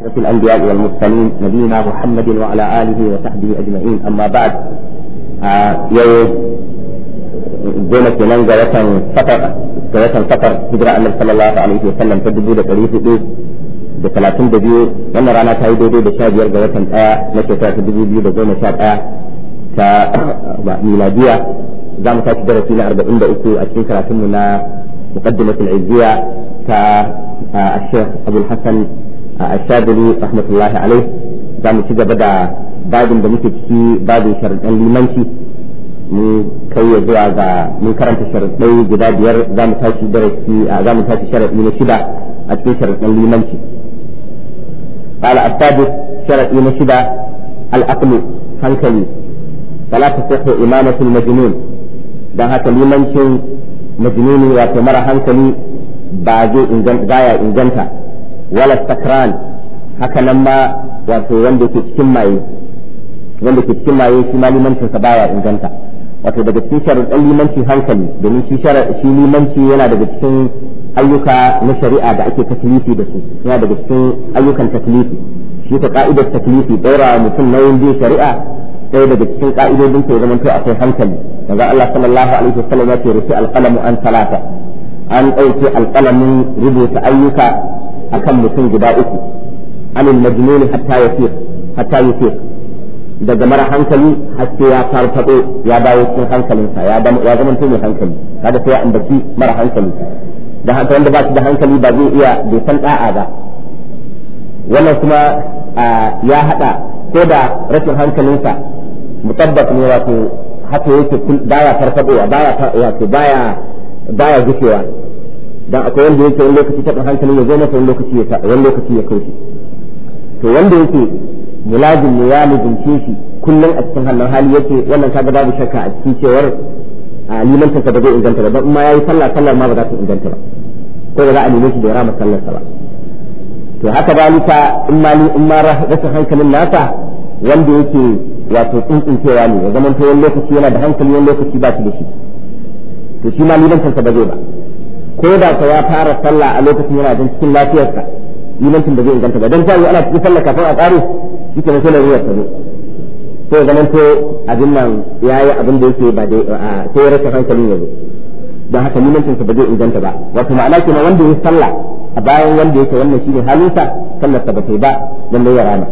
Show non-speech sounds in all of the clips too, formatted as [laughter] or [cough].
أسرة الأنبياء والمرسلين نبينا محمد وعلى آله وصحبه أجمعين أما بعد آه، يوم جونا كنان جواتن فطر جواتن فطر هجرة أن صلى الله عليه وسلم تدبو لقريف دي بثلاثين دبيو وانا رانا تايدو دي بشاجر جواتن آ نشتا تدبو دي بزونا شاب آ ك ميلادية زام تاك درسينا أربعين دقيقة أشين كراتمنا مقدمة العزية ك آه، الشيخ أبو الحسن al-Tabari rahmatullahi alayh da mu kiga da babin da muke ciki babin sharadin limanci mu kai ya zuwa ga mun karanta sharadin gida biyar za mu tashi da rafi za mu tashi sharadin na shida a cikin sharadin limanci qala al-Tabari sharadin na shida al-aqlu hankali talaka tahu imanatu al-majnun da haka limancin majnunin ya ta mara hankali ba zai inganta wala sakran haka nan ma wato wanda ke cikin maye wanda ke cikin maye shi malimanci sa baya inganta wato daga cikin sharuɗan limanci hankali domin shi shi limanci yana daga cikin ayyuka na shari'a da ake taklifi da su yana daga cikin ayyukan taklifi shi ta ka'idar taklifi daura mutum nauyin bin shari'a sai daga cikin ka'idodin ta zama to akwai hankali daga Allah sallallahu alaihi wasallam ya ce rufi alqalamu an talata an ɗauke alƙalamin rubuta ayyuka akan mutum guda uku amin majnun hatta yafiq hatta yafiq daga mara hankali haske ya farfado ya dawo cikin hankalinsa ya zama mutum hankali kada sai ya ambaci mara hankali da haka wanda ba shi da hankali ba zai iya bai san da'a ba wannan kuma ya hada ko da rashin hankalinsa mutabbat ne wato haka yake baya farfadowa baya baya baya gushewa dan akwai wanda yake wani lokaci ta hankali ya zo masa wani lokaci ya wani lokaci ya kauce to wanda yake mulazim ne ya lizince shi kullum a cikin hannun hali yake wannan kaga babu shakka a cikin cewar a limantarsa ba zai inganta ba amma yayi sallah sallar ma ba za ta inganta ba ko ba za a nemi shi da ya rama sa ba to haka lita in ma ni in ma rasa hankalin nasa wanda yake wato cewa ne ya zama to wani lokaci yana da hankali wani lokaci ba shi da shi to shi ma ta ba zai ba ko da ka ya fara sallah a lokacin yana jin cikin lafiyarsa limancin da zai inganta ba don tayi ana cikin sallah kafin a ƙare shi ke masu ruwa ta zo to zaman to abin nan ya yi abin da yake ba dai ta ya rasa hankalin yanzu don haka limancin sa ba zai inganta ba wato ma'ana ma wanda ya sallah a bayan wanda yake wannan ne halinsa sallar ta ba ta ba dan ya rana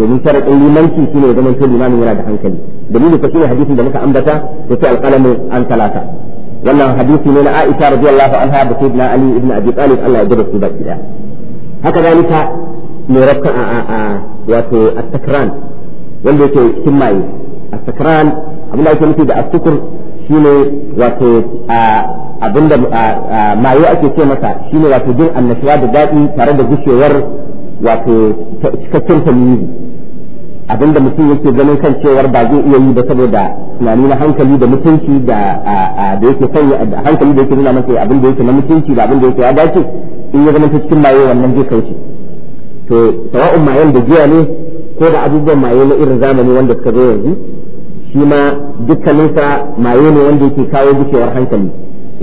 domin sharaɗin limanci shi ne zaman to limanin yana da hankali dalilin ka ne hadisin da muka ambata da ce alƙalamin an talata wannan hadisi ne na Aisha radiyallahu anha da Sayyidina Ali ibn Abi Talib Allah ya jaba su baki da haka zalika ne rakka a wato at-takran wanda yake cikin maye at-takran abin da yake nufi da at sukr shine wato abinda maye ake ce masa shine wato jin annashuwa da daɗi tare da gushewar wato cikakken tamyizi abinda mutum yake ganin kan cewar ba zai iya yi ba saboda tunani na hankali da mutunci da da yake sanya hankali da yake nuna masa da yake na mutunci da abin da yake ya dace in ya zama cikin maye wannan zai kauce to sawa'un mayen da jiya ne ko da abubuwan maye na irin zamani wanda suka zo yanzu shi ma dukkaninsa maye ne wanda yake kawo gushewar hankali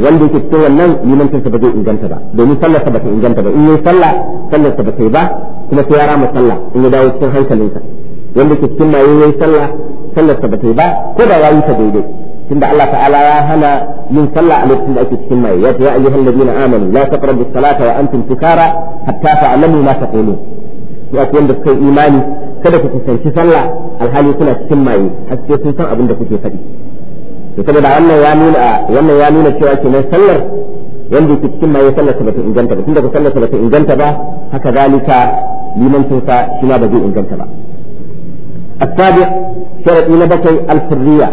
wanda yake cikin wannan limancinsa ba zai inganta ba domin sallarsa ba ta inganta ba in yi sallah sallarsa ba ta yi ba kuma sai ya rama sallah in ya dawo cikin hankalinsa wanda ke cikin maye yayi sallah sallar ta yi ba ko da yayi ta daidai tunda Allah ta'ala ya hana yin sallah a lokacin da ake cikin maye ya ya ayyuhal ladina amanu la taqrabu salata wa antum sukara hatta ta'lamu ma taqulun ya ku wanda suka imani kada ku kusanci sallah alhali kuna cikin maye haske sun san abin da kuke faɗi to saboda wannan ya nuna wannan ya nuna cewa kenan sallar wanda ke cikin maye sallar ta bata inganta ba tunda ku sallar ta bata inganta ba haka zalika limancinsa shi ma ba inganta ba السابع شرط من بكي الحرية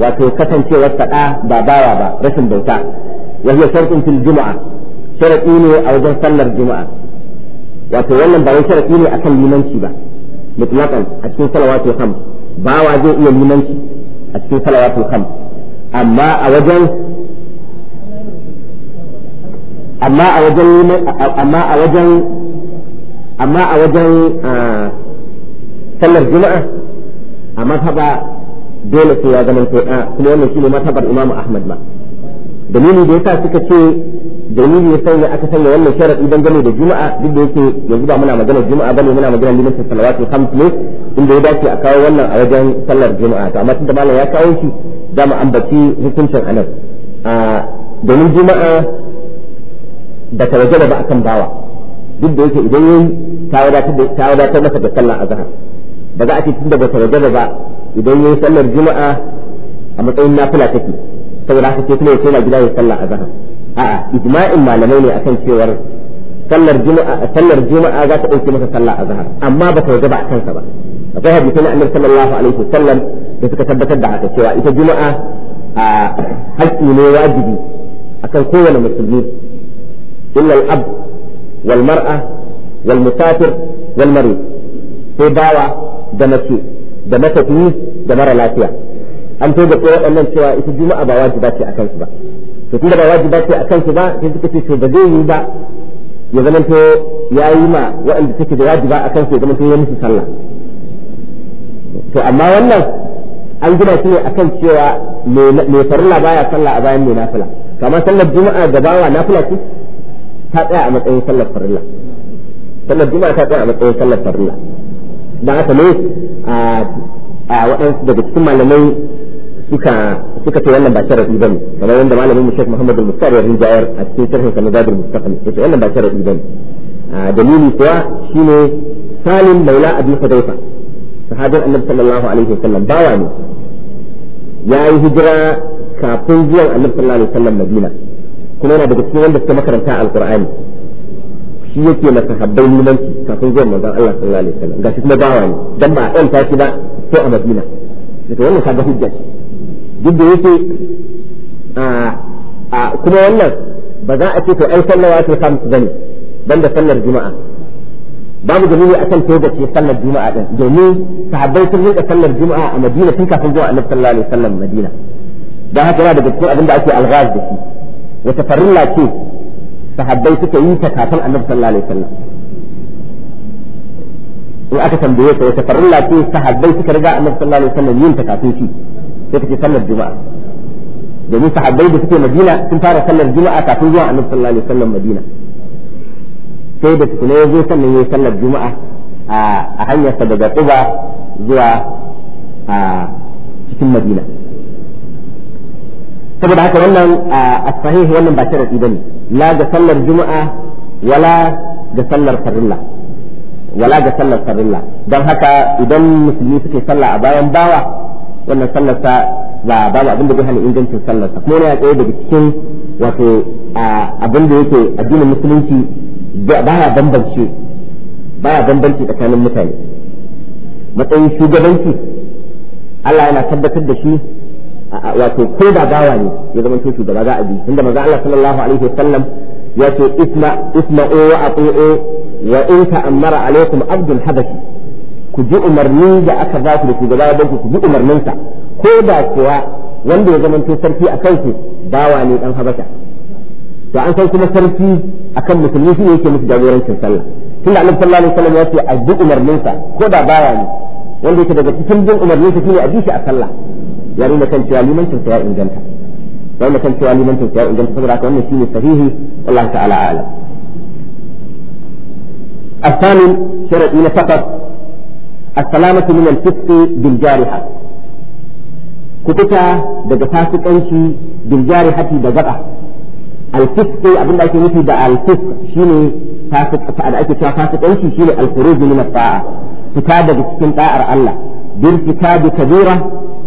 وتوكتن في والسقاء باباوا با رسم بوتا وهي شرط في الجمعة شرط إني أو جن صلى الجمعة وتولم بغي شرط إني أكل لمنشي با مطلقا أتكين صلوات الخمس باوا جي إيا لمنشي أتكين صلوات الخمس أما أوجن أما أوجن أما أوجن أما أوجن آه sallar juma'a a mataba dole sai ya zama to kuma wannan shine matabar imamu ahmad ma dalili da yasa suka ce dalili ya sanya aka sanya wannan sharadi dan gane da juma'a duk da yake yanzu ba muna magana juma'a bane muna magana limin salawatu khams ne inda ya dace a kawo wannan a wajen sallar juma'a to amma tunda malam ya kawo shi za mu ambaci hukuncin anan a domin juma'a da ta wajaba ba akan bawa duk da yake idan yayi ta wadatar da ta wadatar masa da sallar azhar ba za a ce tun da bata wajaba ba idan yayi sallar juma'a a matsayin nafila take saboda haka sai kuma ya gida ya sallah azhar a'a ijma'in malamai ne akan cewar sallar juma'a sallar juma'a za ta dauke masa sallah azhar amma ba ta wajaba a kansa ba akwai hadisi na annabi sallallahu alaihi wasallam da suka tabbatar da haka cewa ita juma'a a haƙƙi ne wajibi akan kowane musulmi illa al-ab wal mar'a wal musafir wal sai bawa da mace da matafiyi da mara lafiya an to da ko waɗannan cewa ita juma'a ba wajiba ce akan su ba to tunda ba wajiba ce akan su ba sai suka ce to ba zai yi ba ya zama to ya yi ma waɗanda take da wajiba akan su ya zama to ya musu sallah to amma wannan an gina shi ne akan cewa mai farilla baya sallah a bayan mai nafila kamar sallar juma'a da bawa nafila ce ta tsaya a matsayin sallar farilla sallar juma'a ta tsaya a matsayin sallar farilla da aka ne a waɗansu daga cikin malamai suka suka ce wannan ba ba ne kamar yadda malamin mu Sheikh Muhammad al-Mustari ya rinjayar a cikin sharhin sa na Zadul Mustaqbal yace wannan ba sharadi bane dalili kuwa shine Salim Maula Abi Hudayfa sahabin Annabi sallallahu alaihi wasallam bawa ne yi hijira kafin zuwan Annabi sallallahu alaihi wasallam Madina kuma yana daga cikin wanda suka makaranta Al-Qur'ani shi yake na sahabbai limanci kafin zuwa manzon Allah sallallahu alaihi wasallam gashi kuma bawa ne dan ba a ta kida ba ko a Madina to wannan kaga hujja duk da yake a a kuma wannan ba za a ce to ai sallawa ta samu bane dan da sallar juma'a babu dalili a kan da ce sallar juma'a din domin sahabbai sun rinka sallar juma'a a Madina tun kafin zuwa Annabi sallallahu alaihi wasallam Madina dan haka yana daga cikin abin da ake alghaz da shi wata farilla ce sahabbai suka yi ta kafin annabi sallallahu alaihi wasallam in aka tambaye ka wata farilla ce sahabbai suka riga annabi sallallahu alaihi wasallam yin ta kafin shi sai kace sallar juma'a domin sahabbai da suke madina sun fara sallar juma'a kafin zuwa annabi sallallahu alaihi wasallam madina sai da tukuna ya zo sannan ya yi sallar juma'a a hanyarsa daga quba zuwa a cikin madina saboda haka wannan a sahih wannan ba sharadi bane la ga sallar juma'a wala ga sallar farilla wala ga sallar farilla don haka idan musulmi suke sallah a bayan bawa wannan sallar sa ba babu abin da zai hana ingancin sallar sa kuma yana tsaye daga cikin wato abin da yake addinin musulunci baya bambance bambanci tsakanin mutane matsayin shugabanci Allah yana tabbatar da shi wato ko da bawa ne ya zama to shugaba za a bi tunda manzo Allah sallallahu alaihi wasallam ya ce isma o wa ati'u wa in amara alaikum abdul habashi ku ji umarni da aka ba ku da shugaba don ku ji umarninsa ko da kuwa wanda ya zama to sarki a shi bawa ne dan habasha to an san kuma sarki akan musulmi shi ne yake musu jagorancin sallah tunda annabi sallallahu alaihi wasallam ya ce a bi umarninsa ko da bawa ne wanda yake daga cikin bin umarninsa shine a bi shi a sallah ya nuna kan cewa limancin sa ya inganta ya nuna kan cewa limancin sa ya inganta saboda haka wannan shine sahihi wallahu ta'ala a'lam الثامن شرط من فقط السلامة من الفسق بالجارحة كتتا دقا فاسق أنشي بالجارحة دقا الفسق أبن أكي نفي دا الفسق شيني فاسق أبن أكي فاسق أنشي شيني الخروج من الطاعة فتابة بسكن طائر الله بارتكاب كبيرة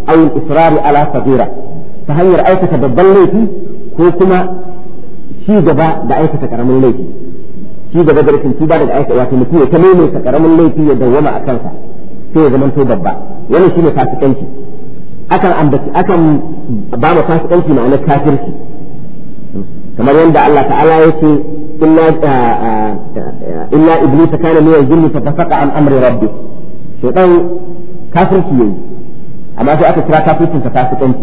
aw israri israr ala saghira ta hanyar aikata babban laifi ko kuma ci gaba da aikata karamin laifi ci gaba da rashin tuba daga aikata wato mutum ya ta maimaita karamin laifi ya dawwama a kansa sai ya zama to babba wannan shine fasikanci akan ambaci akan ba mu fasikanci ma'anar kafirci kamar yadda Allah ta'ala ya ce illa iblis kana min al-jinni fa fasaqa amri rabbi shaytan amma sai aka kira kafirci ta fasikanci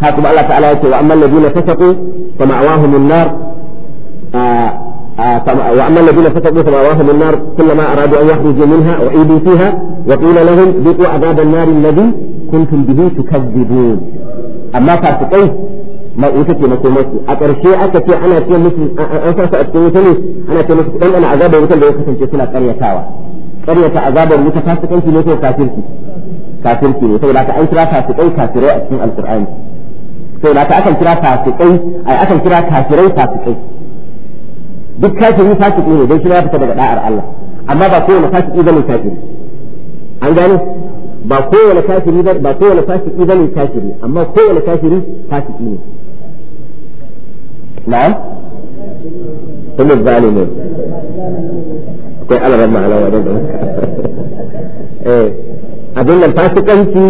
ha kuma Allah ta'ala ya ce wa amman ladina fasaqu fa ma'awahum an-nar wa amman ladina fasaqu fa ma'awahum an-nar kullama aradu an yakhruju minha wa idu fiha wa qila lahum dhiqu adab an-nar alladhi kuntum bihi tukadzibun amma fasikai ma wuce ce mako masu a ƙarshe aka ce ana ce musu an sa a cikin wuta ana ce musu ɗan ɗan azabar wutar da ya kasance suna ƙaryatawa ƙaryata azabar wuta fasikanci ne ko kafirci kafirci ne saboda an kira fasikai kafirai a cikin alkur'ani saboda akan kira fasikai ai akan kira kafirai fasikai duk kafiri fasiki ne dan shi ya fita daga da'ar Allah amma ba kowane fasiki bane kafiri an gane ba kowane kafiri ba kowane fasiki bane kafiri amma kowane kafiri fasiki ne na'am kullu ne akwai alaran ma'ana wajen da [laughs] eh abin nan fasikanci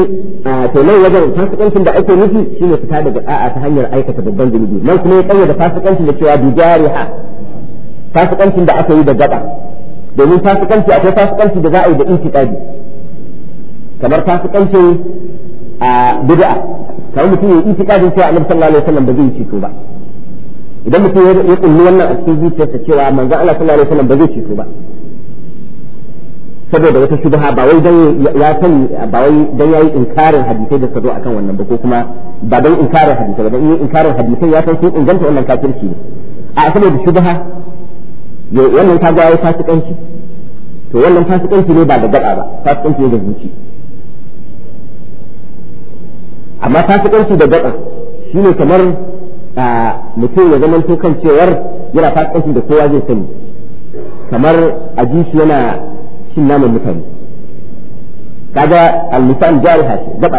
to nan wajen fasikancin da ake nufi shine fita daga a'a ta hanyar aikata babban zunubi nan kuma ya da fasikancin da cewa bi jariha fasikancin da aka yi da gaba domin fasikanci akwai fasikanci da za a yi da intiqadi kamar fasikancin a bid'a kamar mutum ya yi intiqadin cewa annabi sallallahu alaihi wasallam ba zai ceto ba idan mutum ya kulli wannan a cikin zuciyarsa cewa manzon Allah sallallahu alaihi wasallam ba zai ceto ba saboda wata shubha ba wai dan ya san ba wai dan yayi inkarin hadisai da sado akan wannan ba ko kuma ba dan inkarin hadisai ba dan yayi inkarin hadisai ya san sai inganta wannan kafirci ne a da shubha ya wannan ta ga fasikanci to wannan fasikanci ne ba da gaba ba fasikanci ne da zuci amma fasikanci da gaba shine kamar mutum ya zama to kan cewar yana fasikanci da kowa zai sani kamar a yana cin naman mutane kaga al-lisan jariha ce gaba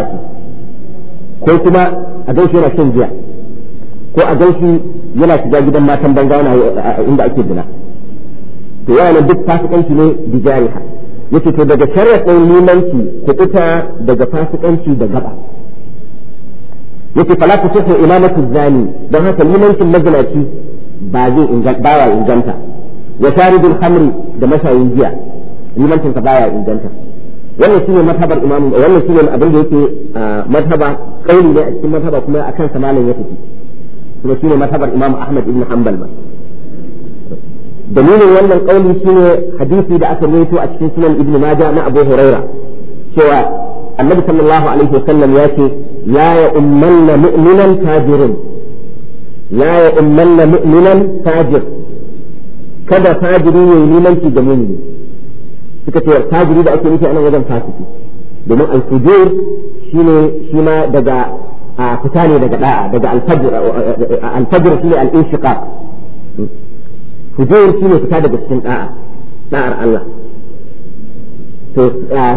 ce ko kuma a gaishe yana shan giya ko a gaishe yana shiga gidan matan banza yana inda ake zina to yana duk fasikanci ne bi jariha yace to daga sharaɗin limanci ku fita daga fasikanci da gaba yace fala ku tuhu imamatu zani dan haka limancin mazinaci ba zai inganta ba wa inganta wa sharibul khamri da mashayin jiya. limancin sa baya inganta wannan shine madhabar imam wannan shine abin da yake madhaba kauli ne a cikin madhaba kuma a kan malam ya tafi kuma shine madhabar imam ahmad ibn hanbal ma dalilin wannan kauli shine hadisi da aka rawaito a cikin sunan ibn majah na abu huraira cewa annabi sallallahu alaihi wasallam ya ce la ya ummanna mu'minan tajirun la ya ummanna mu'minan tajir kada fajiri yayi limanci da mu'mini suka ce fajiri da ake nufi a nan wajen fasiki domin al-fujur shine shi ma daga a fita ne daga da'a daga al-fajr al shine al-inshiqaq fujur shine fita daga cikin da'a da'ar Allah to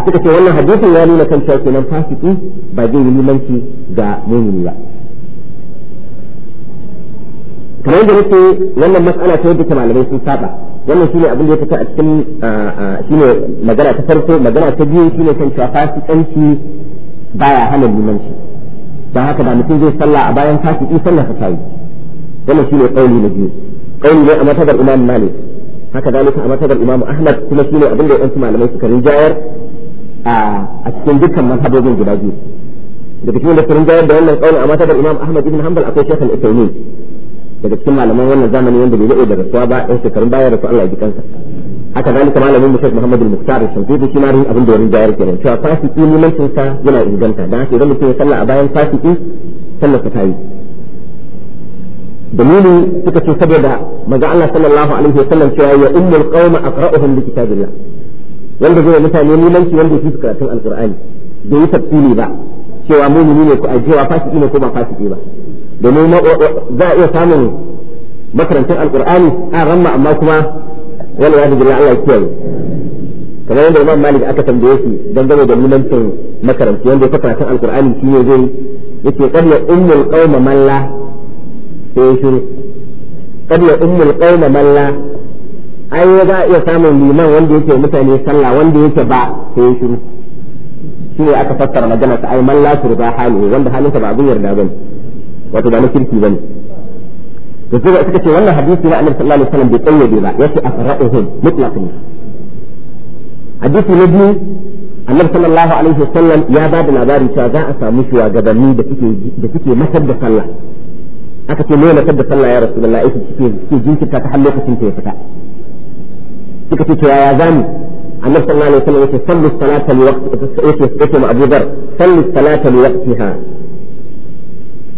suka ce wannan hadisin ya nuna kan cewa kenan fasiki ba zai yi limanci ga mu'mini ba kamar da nake wannan mas'ala ta yadda malamai sun saba wannan shine abin da ya fita a cikin shine magana ta farko magana ta biyu shine kan cewa fasikanci baya hana limanci don haka da mutum zai sallah a bayan fasiki sallah ta tayi wannan shine kauli na biyu kauli ne a matabar imam malik haka zalika a matabar imam ahmad kuma shine abin da yansu malamai suka rinjayar a cikin dukkan manhajojin guda biyu daga cikin da suka rinjayar da wannan kauli a matabar imam ahmad ibn hanbal akwai shekul isaimin daga cikin malaman wannan zamani wanda bai daɗe da rasuwa ba ɗan shekarun baya su Allah ya ji kansa haka zalika malamin mushaf Muhammad al-Muqtar Shamsuddin shi ma abin da wurin jayar kenan cewa fasiki limancin sa yana inganta dan haka idan mutum ya salla a bayan fasiki sallar ta tayi dalili suka ce saboda maza Allah sallallahu alaihi wasallam cewa ya ummul qauma aqra'uhum bi kitabillah wanda zai mutane limanci wanda su karatun alqur'ani bai yi tafsiri ba cewa mumini ne ko ajewa fasiki ne ko ba fasiki ba domin za a iya samun makarantar alkur'ani a ramma amma kuma wani ya jirgin Allah ya kiyaye kamar yadda imam malik aka tambaye shi dangane da munancin makaranci wanda ya karatun alkur'ani shi ne zai yake ce ya ummul qauma man sai ya shiru ya ummul qauma man la ai za a iya samun liman wanda yake mutane sallah wanda yake ba sai shiru shi ne aka fassara magana ta ai malla su ruba halu wanda halinsa ba abin yarda bane wato ba na kirki bane to sai suka ce wannan hadisi na annabi sallallahu alaihi wasallam bai kayyade ba yace afra'uhum mutlaqan hadisi na biyu annabi sallallahu alaihi wasallam ya ba da labari cewa za a samu shugabanni da suke da suke matar da sallah aka ce mai matar da sallah ya rasulullahi ai suke suke jinkirta ta har lokacin ta ya fita suka ce cewa ya zamu annabi sallallahu alaihi wasallam yace sallu salata li waqti yace yace ma Abu Dhar sallu salata li waqtiha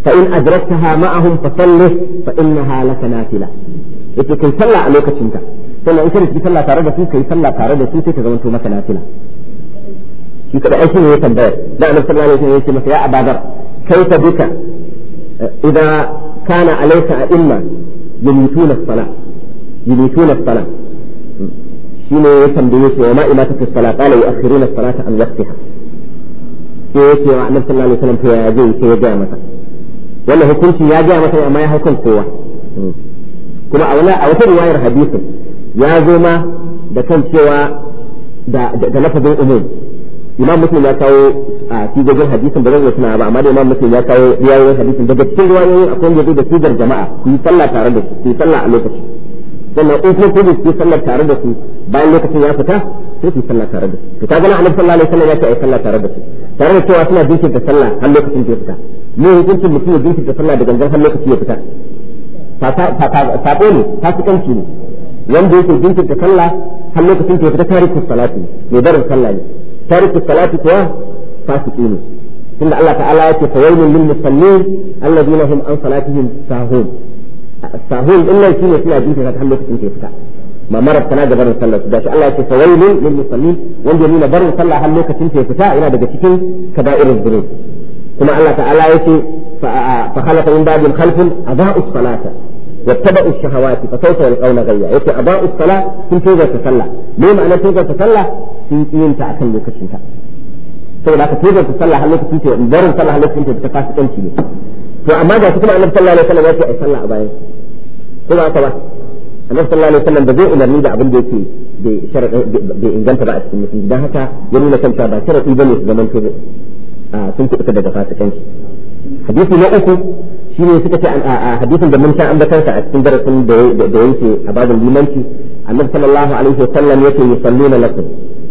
فإن أدركتها معهم فصله فإنها لك نافلة yake kai sallah a lokacinta sannan in ka sallah tare da su kai sallah tare da su sai ka zamanto maka nafila shi kada aiki ne ya tambaya da annabi sallallahu alaihi wasallam yake masa ya abadar kaifa bika idan kana alayka a'imma yumituna as-salah yumituna as shine ya tambaye shi wa ma ila ta as-salah qala yu'akhiruna as-salata an waqtiha sai wa masa wannan hukunci ya gaya masa amma ya haukan kowa kuma a wala a wata riwayar hadisin ya zo ma da kan cewa da da lafazin umum imam muslim ya kawo a sigogin hadisin ba zan iya tunawa ba amma da imam muslim ya kawo riwayoyin hadisin daga cikin riwayoyin akwai yanzu da sigar jama'a ku yi sallah tare da su ku yi sallah a lokaci sannan in kuma ku yi sallah tare da su bayan lokacin ya fita sai ku yi sallah tare da su to kaga na annabi sallallahu alaihi wasallam ya ce ai sallah tare da su tare da cewa suna jinkirta sallah har lokacin da ya fita ne hukuncin mutum ya jinkirta sallah da gangan har lokaci ya fita sabo ne fasikanci ne wanda yake jinkirta sallah har lokacin ta fita tarihi salati ne barin sallah ne tarihi salati kuwa fasiki ne tunda Allah ta'ala yake fawailun lil musallin alladhina hum an salatihim sahun sahun din nan shine suna jinkirta har lokacin ta fita ma marar tana da barin sallah da shi Allah yake fawailun lil musallin wanda yana barin sallah har lokacin ta fita yana daga cikin kaba'irul dhunub kuma Allah ta'ala yake fa khalaqa min ba'dihim khalfun adaa'us salata الشهوات فسوف يلقون غيا يقول أباء الصلاة sun توجه تصلى ليه معنى توجه تصلى في إين تأكل لوكشنتا sai da ka tozo ta sallah har lokaci ce barin sallah har lokacin ta fasi kanci ne to amma ga kuma annabi sallallahu alaihi wasallam ya ce ai sallah a bayan ko ba ta ba annabi sallallahu alaihi ba zai umarni da abin da yake bai inganta ba a cikin mutum dan haka ya nuna kanta ba sharadi bane su zaman sun kuɓuta daga fasikanci hadisi na uku shi ne suka ce a hadisin da mun sha ambatarsa a cikin darasin da yake a babin limanci annabi sallallahu alaihi wasallam yake yusalluna lakum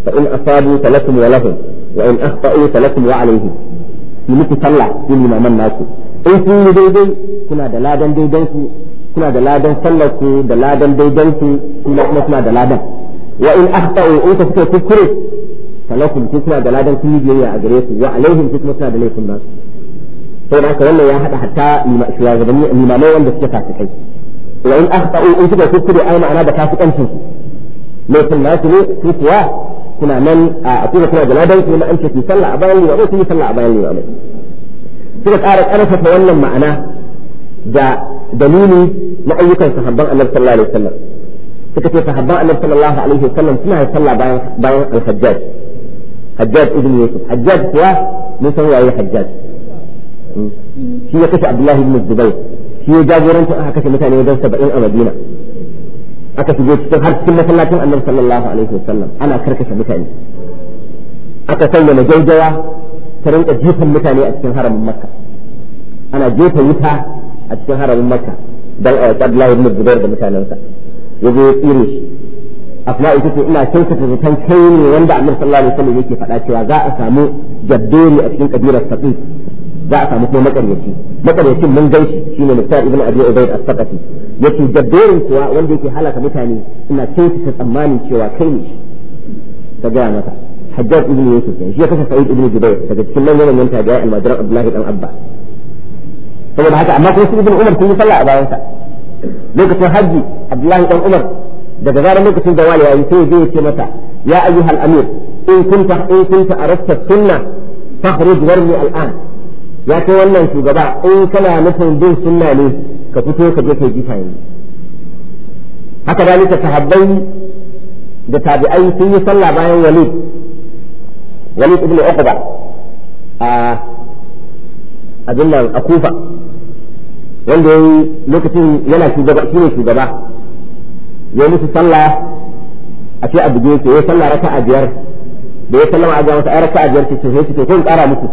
fa in asabu falakum wa lahum wa in akhta'u falakum wa alaihim su miki sallah su limaman naku in sun yi daidai kuna da ladan daidan su kuna da ladan sallar ku da ladan daidan su kuma kuma kuna da ladan wa in akhta'u in ka suka kuskure فلكم تسمى دلادا في جنيا أجريكم وعليهم تسمى سناد ليكم ناس طيب عسى والله يا أحد حتى شو يعني لما ما وين بس في الحين وإن أخطأ وإن كده تكتب أي معنى بكاس أنفسي ليس الناس لي تسوى كنا من آه، أقول كنا دلادا كل أنت في سلعة بين لي وأنت في سلعة بين لي وأنت كده أعرف أنا فتولى معنا جاء دليلي لأي كان صحابة النبي صلى الله عليه وسلم فكتب صحابة النبي صلى الله عليه وسلم كنا يصلى بين الحجاج hajjaj ibn yusuf hajjaj kuwa mun san waye hajjaj ya kashe abdullahi ibn zubair shi ya jagoranta aka mutane wajen 70 a madina aka cikin har cikin masallacin annabi sallallahu alaihi sanya majaujawa ta rinka jifan ana jefa wuta a cikin haramin makka dan a yaki da mutanensa ya zo ya tsire shi asma'u take ina kyautata zaton kai ne wanda annabi sallallahu alaihi wasallam yake faɗa cewa za a samu jaddori a cikin kabilar saqif za a samu kuma makaryaci makaryacin mun gaishi shine Musa ibn Abi Ubayd as-Saqafi yace jaddorin kuwa wanda yake halaka mutane ina kyautata tsammanin cewa kai ne ta gaya masa Hajjaj ibn Yusuf shi ya kasa Sa'id ibn Jubair daga cikin manyan manyan tabi'ai al-Majra Abdullahi dan Abba saboda haka amma kuma su ibn Umar sun yi sallah a bayansa lokacin hajji Abdullahi dan Umar daga zarar lokacin da wali yayi sai zai ce mata ya ayyuhal amir in kunta in kunta arasta sunna fakhruj warni al'an ya kai wannan shugaba in kana nufin bin sunna ne ka fito ka je kai jifa yanzu haka dalika sahabbai da tabi'ai sun yi sallah bayan walid walid ibn uqba a abin nan a kufa wanda yayi lokacin yana shugaba shine shugaba ya musu sallah a ce a buge su ya sallah raka'a biyar da ya sallama a ga masa raka a biyar ce sai su ce ko in kara muku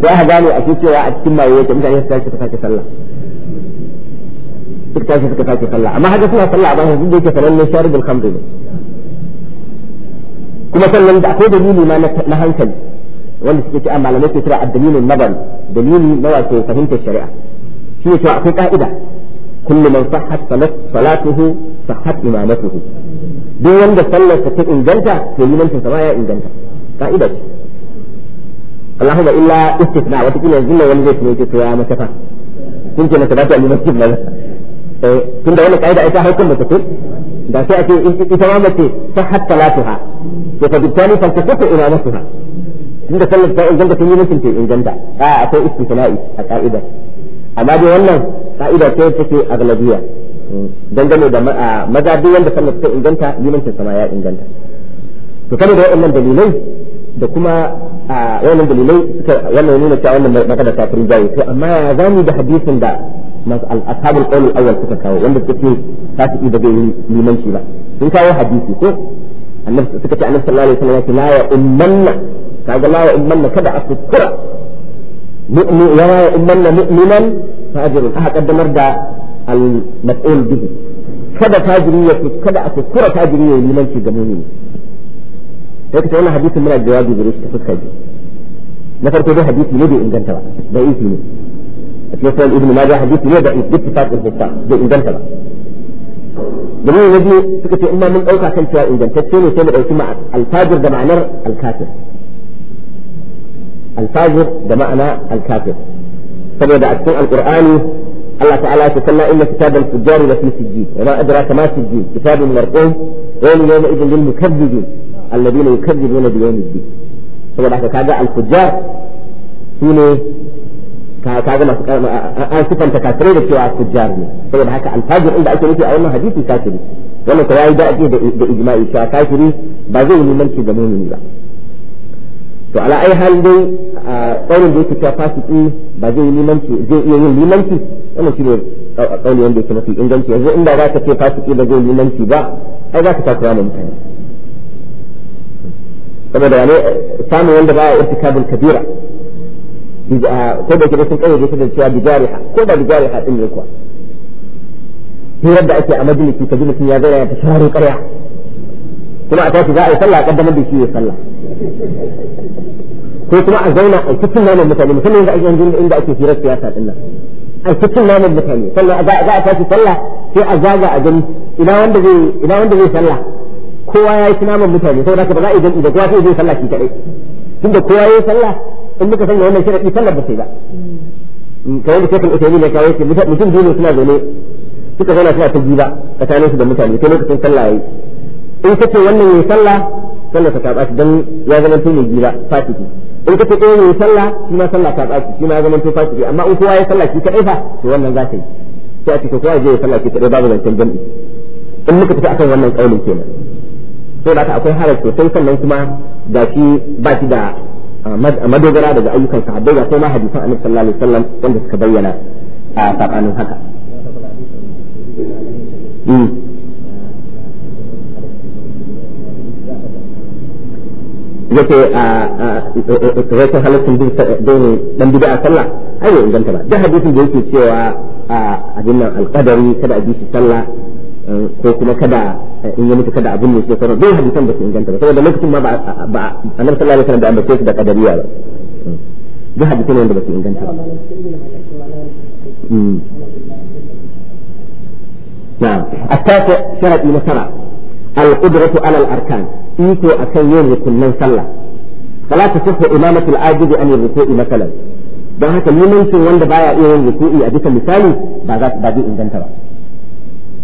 sai aka gane a cewa a cikin maye yake mutane su tashi su sake sallah suka tashi suka sake sallah amma haka suna sallah a bayan duk da yake sanannen sharibul khamr ne kuma sannan da akwai dalili ma na hankali wanda suke ce amma malamai ke kira addalilun nazar dalili na wato fahimtar shari'a shi ne cewa akwai ka'ida kullu man sahhat salatuhu sahat imamatuhu duk wanda sallarsa ta inganta to limancin sa ma ya inganta ka'ida ce Allahumma illa istisna wata kila yanzu ne wani zai tuno ce to ya mata fa kun ce mata ba ta limanci ba eh tunda wannan ka'ida ita haukun mata ce da sai ake ita ma mace sahat salatuha to fa bittani fa tasahhu imamatuha inda sallar ta inganta sun yi mutum ta inganta a akwai istisna'i a ka'ida amma dai wannan ka'ida ce take aglabiya dangane da maza duk wanda sallar ta inganta limancin sama ya inganta to kamar da wannan dalilai da kuma a wannan dalilai suka wannan nuna cewa wannan magana ta fi jayi to amma ya zamu da hadisin da masu ashabul qawl awwal suka kawo wanda suke fasiki da bai limanci ba sun kawo hadisi ko annabi suka ce annabi sallallahu alaihi wasallam ya ce la ya ummanna kaga la ya ummanna kada a kuskura mu'min ya ya ummanna mu'minan fa ajrun aka kaddamar da المسؤول به كذا تاجرية كذا كرة تاجرية من ملك الجمهورية هيك تقول حديث من الجواب بروش تفوت خيجي نفر كده حديث من يدي انجان تبع بقيت مني اتلسى الابن ماجه حديث ليه بقيت جبت فات الهستاء دي انجان تبع جميع يدي فكرة اما من اوكا كان شوى انجان تتسيني سيني او سمع الفاجر ده معنى الكاسر الفاجر ده معنى الكاسر فبدا اتسمع القرآن الله تعالى تسمى إن كتاب الفجار لفي سجين وما أدراك ما سجين كتاب مرقوم ويل يومئذ للمكذبين الذين يكذبون بيوم الدين saboda haka kaga alfujjar su ne kaga masu an sifanta kafirai da cewa fujjar ne saboda haka alfajir inda ake nufi a wannan hadisi kafiri wannan ko yayi da da ijma'i cewa kafiri ba zai yi mulki da mumini ba to ala ai hal dai kaurin da yake cewa fasiki ba zai yi limanci zai iya yin limanci wannan shi ne kauli wanda yake mafi inganci yanzu inda za ka ce fasiki ba zai limanci ba ai za ka takura ma mutane saboda wani samun wanda ba a wasu kabin kabira ko da kira sun kayyade ta da cewa bijariha ko da bijariha din ne kuwa hirar da ake a majalisi ka ji mutum ya zauna ya ta sharo karya kuma a tashi za a yi sallah a kaddamar da shi ya sallah ko kuma a zauna a cikin namun mutane musamman yanzu a yanzu inda ake firar siyasa din nan a cikin namun mutane sannan za a tashi sallah sai a zaga a gani ina wanda zai ina wanda zai sallah kowa ya yi namun mutane saboda ka ba za a yi gani da kowa sai zai sallah shi kadai tunda kowa ya yi sallah in muka sanya wannan sharadi sallar ba sai ba mm, kamar da kafin ita ne kawai ce mutum biyu suna zaune suka zauna suna ta jiba tsakanin su da mutane sai lokacin sallah yayi in kace wannan yayi sallah sallar ta ta ba dan ya zama tuni jiba fatiki in ka fito ne sallah shi ma sallah ta tsaki shi ma zaman tufa fasiki amma in kowa ya sallah shi kadai fa to wannan za ka yi sai a cikin to kowa je ya sallah shi kadai babu zancen jami'i in muka tafi akan wannan kaulin kenan to da akwai harar sosai sannan kuma ga shi ba shi da madogara daga ayyukan sahabbai ga sai ma hadisan annabi sallallahu alaihi wasallam wanda suka bayyana a sabanin haka hmm. yake a rashin halaccin bin dan bid'a sallah ai bai inganta ba da hadisin da yake cewa ah, abin nan alqadari kada a bi shi sallah eh, ko kuma kada eh, in yi mutu kada abin ne sai sauran don hadisan ba su inganta ba saboda lokacin ma ba a annabi sallallahu alaihi wasallam da ambace su da qadariya ba hmm. duk hadisan wanda ba su inganta ba نعم التاسع شرط مسرع القدرة على الأركان iko akan yin rukunin sallah fala ta sihu imamatu al-ajid an ruku'i masalan dan haka limancin wanda baya iya yin ruku'i a bisa misali ba za ba zai inganta ba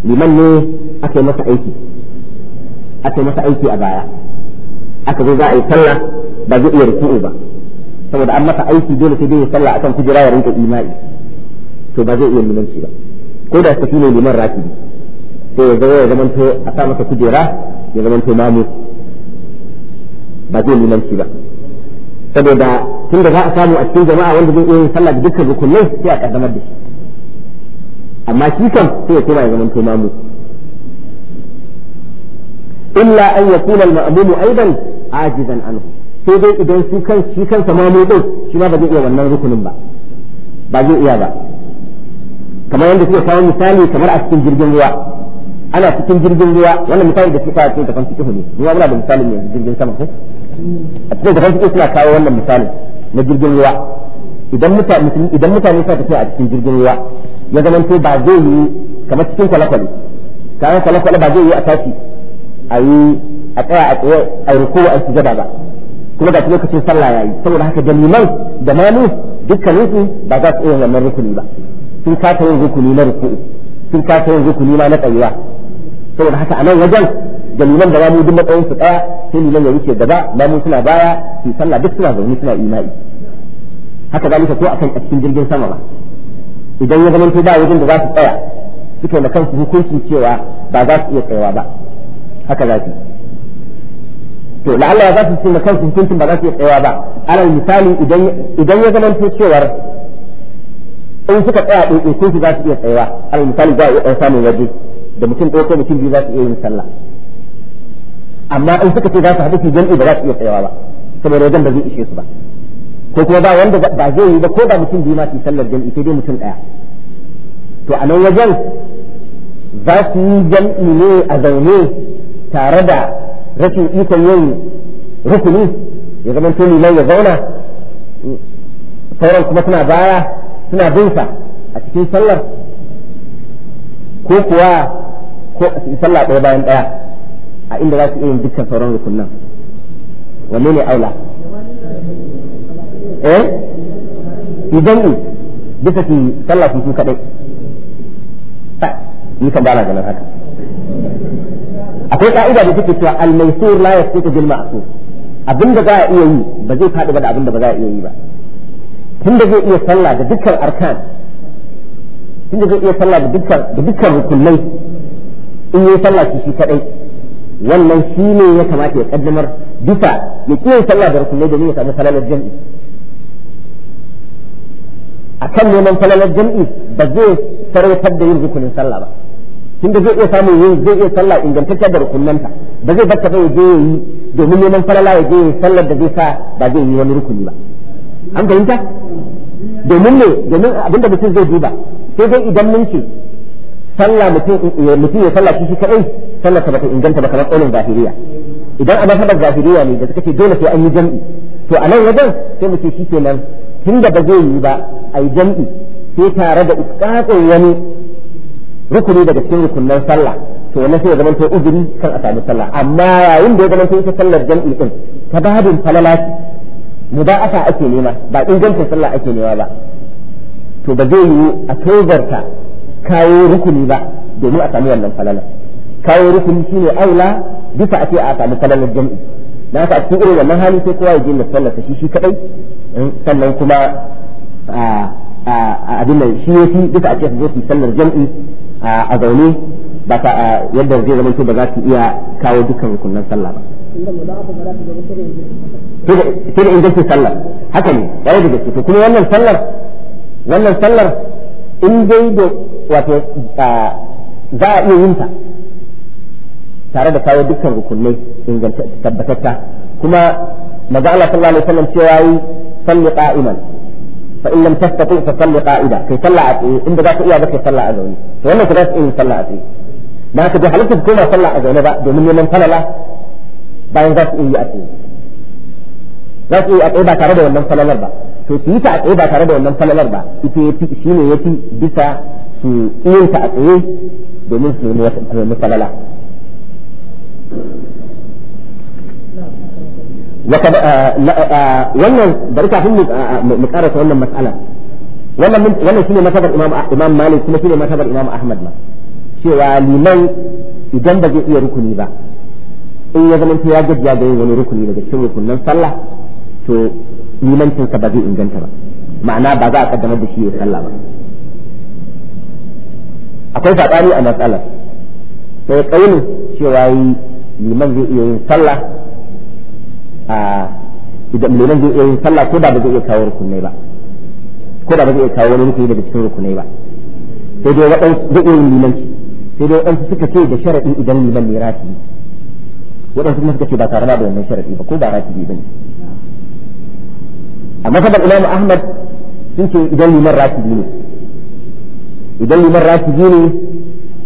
liman ne aka masa aiki aka masa aiki a baya aka zo za a yi sallah ba zai iya ruku'i ba saboda an masa aiki dole sai dai sallah akan kujera ya rinka imani to ba zai iya limanci ba ko da su ne liman rafi sai ya zama ya zama to a sa masa kujera ya zama to mamu ba zai limanci ba saboda tun da za a samu a cikin jama'a wanda zai iya sallah da dukkan rukunai sai a kaddamar da shi amma shi kan sai ya koma ya zama to mamu illa an yakuna al-ma'mumu aidan ajizan anhu sai dai idan su kan shi kansa mamu din shi ma ba zai iya wannan rukunin ba ba zai iya ba kamar yadda suka kawo misali kamar a cikin jirgin ruwa ana cikin jirgin ruwa wannan misali da suka kawo cikin tafan cikin ne ruwa muna da misalin yanzu jirgin sama ko a cikin gaban suke suna kawo wannan misali na jirgin ruwa idan mutane suna tafiya a cikin jirgin ruwa ya zama to ba zai yi kamar cikin kwalakwale kayan kwalakwale ba zai yi a tashi a yi a tsaya a tsaye a rukuwa a su gaba ba kuma ga lokacin sallah yi saboda haka da da mamu dukkanin su ba za su iya wannan rukuni ba sun kasa yin rukuni na rukuni sun kasa yin rukuni ma na tsayuwa saboda haka a nan wajen da liman da ramu duk matsayin su daya sai liman ya wuce gaba mamu suna baya su sallah duk suna zaune suna imani haka zalika ko akan a cikin jirgin sama ba idan ya zama ba wajen da za su tsaya suke da kansu hukuncin cewa ba za su iya tsayawa ba haka za su to la'alla ya za su cikin da kansu hukuncin ba za su iya tsayawa ba alal misali idan ya zama cewar in suka tsaya ɗaiɗaikun su za su iya tsayawa alal misali za a iya ɗan samun waje da mutum ɗaya ko mutum biyu za su iya yin sallah amma in suka ce za su haɗu su jam'i ba za su iya tsayawa ba saboda wajen ba zai ishe su ba ko kuma ba wanda ba zai yi ba ko da mutum biyu ma su sallar jam'i sai dai mutum ɗaya to a nan wajen za su yi jam'i ne a zaune tare da rashin ikon yin rukuni ya zama to liman ya zauna sauran kuma suna baya suna bin a cikin sallar ko kuwa ko sallah ɗaya bayan ɗaya a inda za su yi dukkan sauran rukunan wanne ne aula eh idan ne bisa ki sallah su su kadai ni kan bala ganin haka akwai ka'ida da take cewa al-maisur la yasqutu bil ma'sur abinda za a iya yi ba zai fadi ba da abinda ba za a iya yi ba tunda zai iya sallah da dukkan arkan tunda zai iya sallah da dukkan da dukkan rukunai in yi sallah shi kadai wannan shi ne ya kamata ya kaddamar bisa ya yin sallah da rukunai domin ya samu falalar jam'i a kan neman falalar jam'i ba zai sarautar da yin rukunin sallah ba tun da zai iya samun yin zai iya sallah ingantacce da rukunanta ba zai barka zai je yi domin neman falala ya je yi sallar da zai sa ba zai yi wani rukuni ba an fahimta domin ne domin abinda mutum zai duba sai dai idan mun ce sallah mutum ya sallah shi kaɗai sallar ta bata inganta ba kamar zahiriya idan a mazhabar zahiriya ne da suka ce dole sai an yi jam'i to a nan wajen sai mu ce tun tunda ba zai yi ba a yi jam'i sai tare da iskakon wani rukuni daga cikin rukunan sallah to wannan sai ya zama to uzuri kan a sami sallah amma yayin da ya zama to ita sallar jam'i din ta babin ba asa ake nema ba ingancin sallah ake nema ba to ba zai yi a tozarta kawo rukuni ba domin a sami wannan falalar kawo shi ne aula bisa ake ce a samu kalalar jam'i na ka cikin irin wannan hali sai kowa ya je na sallata shi shi kadai eh, sannan kuma a abin da shi yafi bisa a ce su zo su sallar jam'i a zaune ba ka yadda zai zama ba za su iya kawo dukkan rukunan sallah ba sai da ingancin sallar haka ne ɗaya daga cikin kuma wannan sallar wannan sallar in dai da wato za a iya yin ta tare da kawo dukkan rukunai inganta tabbatatta kuma maza Allah sallallahu alaihi wasallam cewa yi salli qa'iman fa in lam tastati fa salli qa'ida kai salla a tsaye inda za ka iya ba kai sallah a zaune to wannan ku za su iya sallah a tsaye ba ka ji halitta ko ma salla a zaune ba domin neman falala bayan za su iya a tsaye za su iya a tsaye ba tare da wannan falalar ba to su yi ta a tsaye ba tare da wannan falalar ba ita yafi shine yafi bisa su yi ta a tsaye domin su nemi falala Ah, ah, wannan bari kafin mu ah, karasa wannan mas'ala wannan wannan shine matabar imam imam malik kuma shine matabar imam ahmad ma cewa liman idan ba zai iya rukuni ba in ya zama ya gajiya da yin wani rukuni daga cikin rukunan sallah to limancinsa ba zai inganta ba ma'ana ba za a kaddamar da shi ya sallah ba akwai saɓani a matsalar sai kaunin cewa yi liman zai iya yin sallah a idan liman zai iya yin sallah ko da ba zai iya kawo rukunai ba ko da ba zai iya kawo wani rukuni daga cikin rukunai ba sai dai waɗansu zai iya yin liman sai dai wadan suka ce da sharaɗi idan liman ne rafi waɗansu kuma suka ce ba tare da wannan sharadi ba ko ba rafi ba ne amma kada imamu ahmad sun ce idan liman rafi ne idan liman rafi ne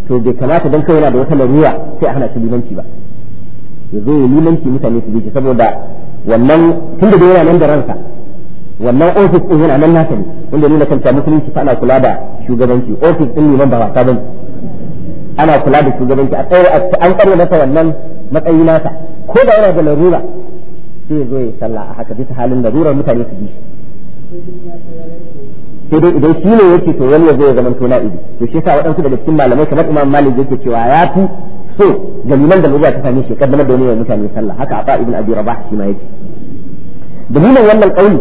to bai kamata don kai yana da wata larura sai a hana shi limanci ba ya zo ya limanci mutane su bi saboda wannan tun da yana nan da ransa wannan ofis din yana nan nasa ne wanda nuna kanta musulunci fa ana kula da shugabanci ofis din liman ba wasa bane ana kula da shugabanci a tsaye an tsare masa wannan matsayi nasa ko da yana da larura sai ya zo ya sallah a haka bisa halin larurar mutane su bi sai dai idan shi ne yake to wani ya zo ya zama to na'ibi to shi yasa waɗansu daga cikin malamai kamar imam malik yake cewa ya fi so ga liman da murya ta same shi kaddama da wani mutane sallah haka ata ibn abi rabah shi ma yake dalilin wannan kauli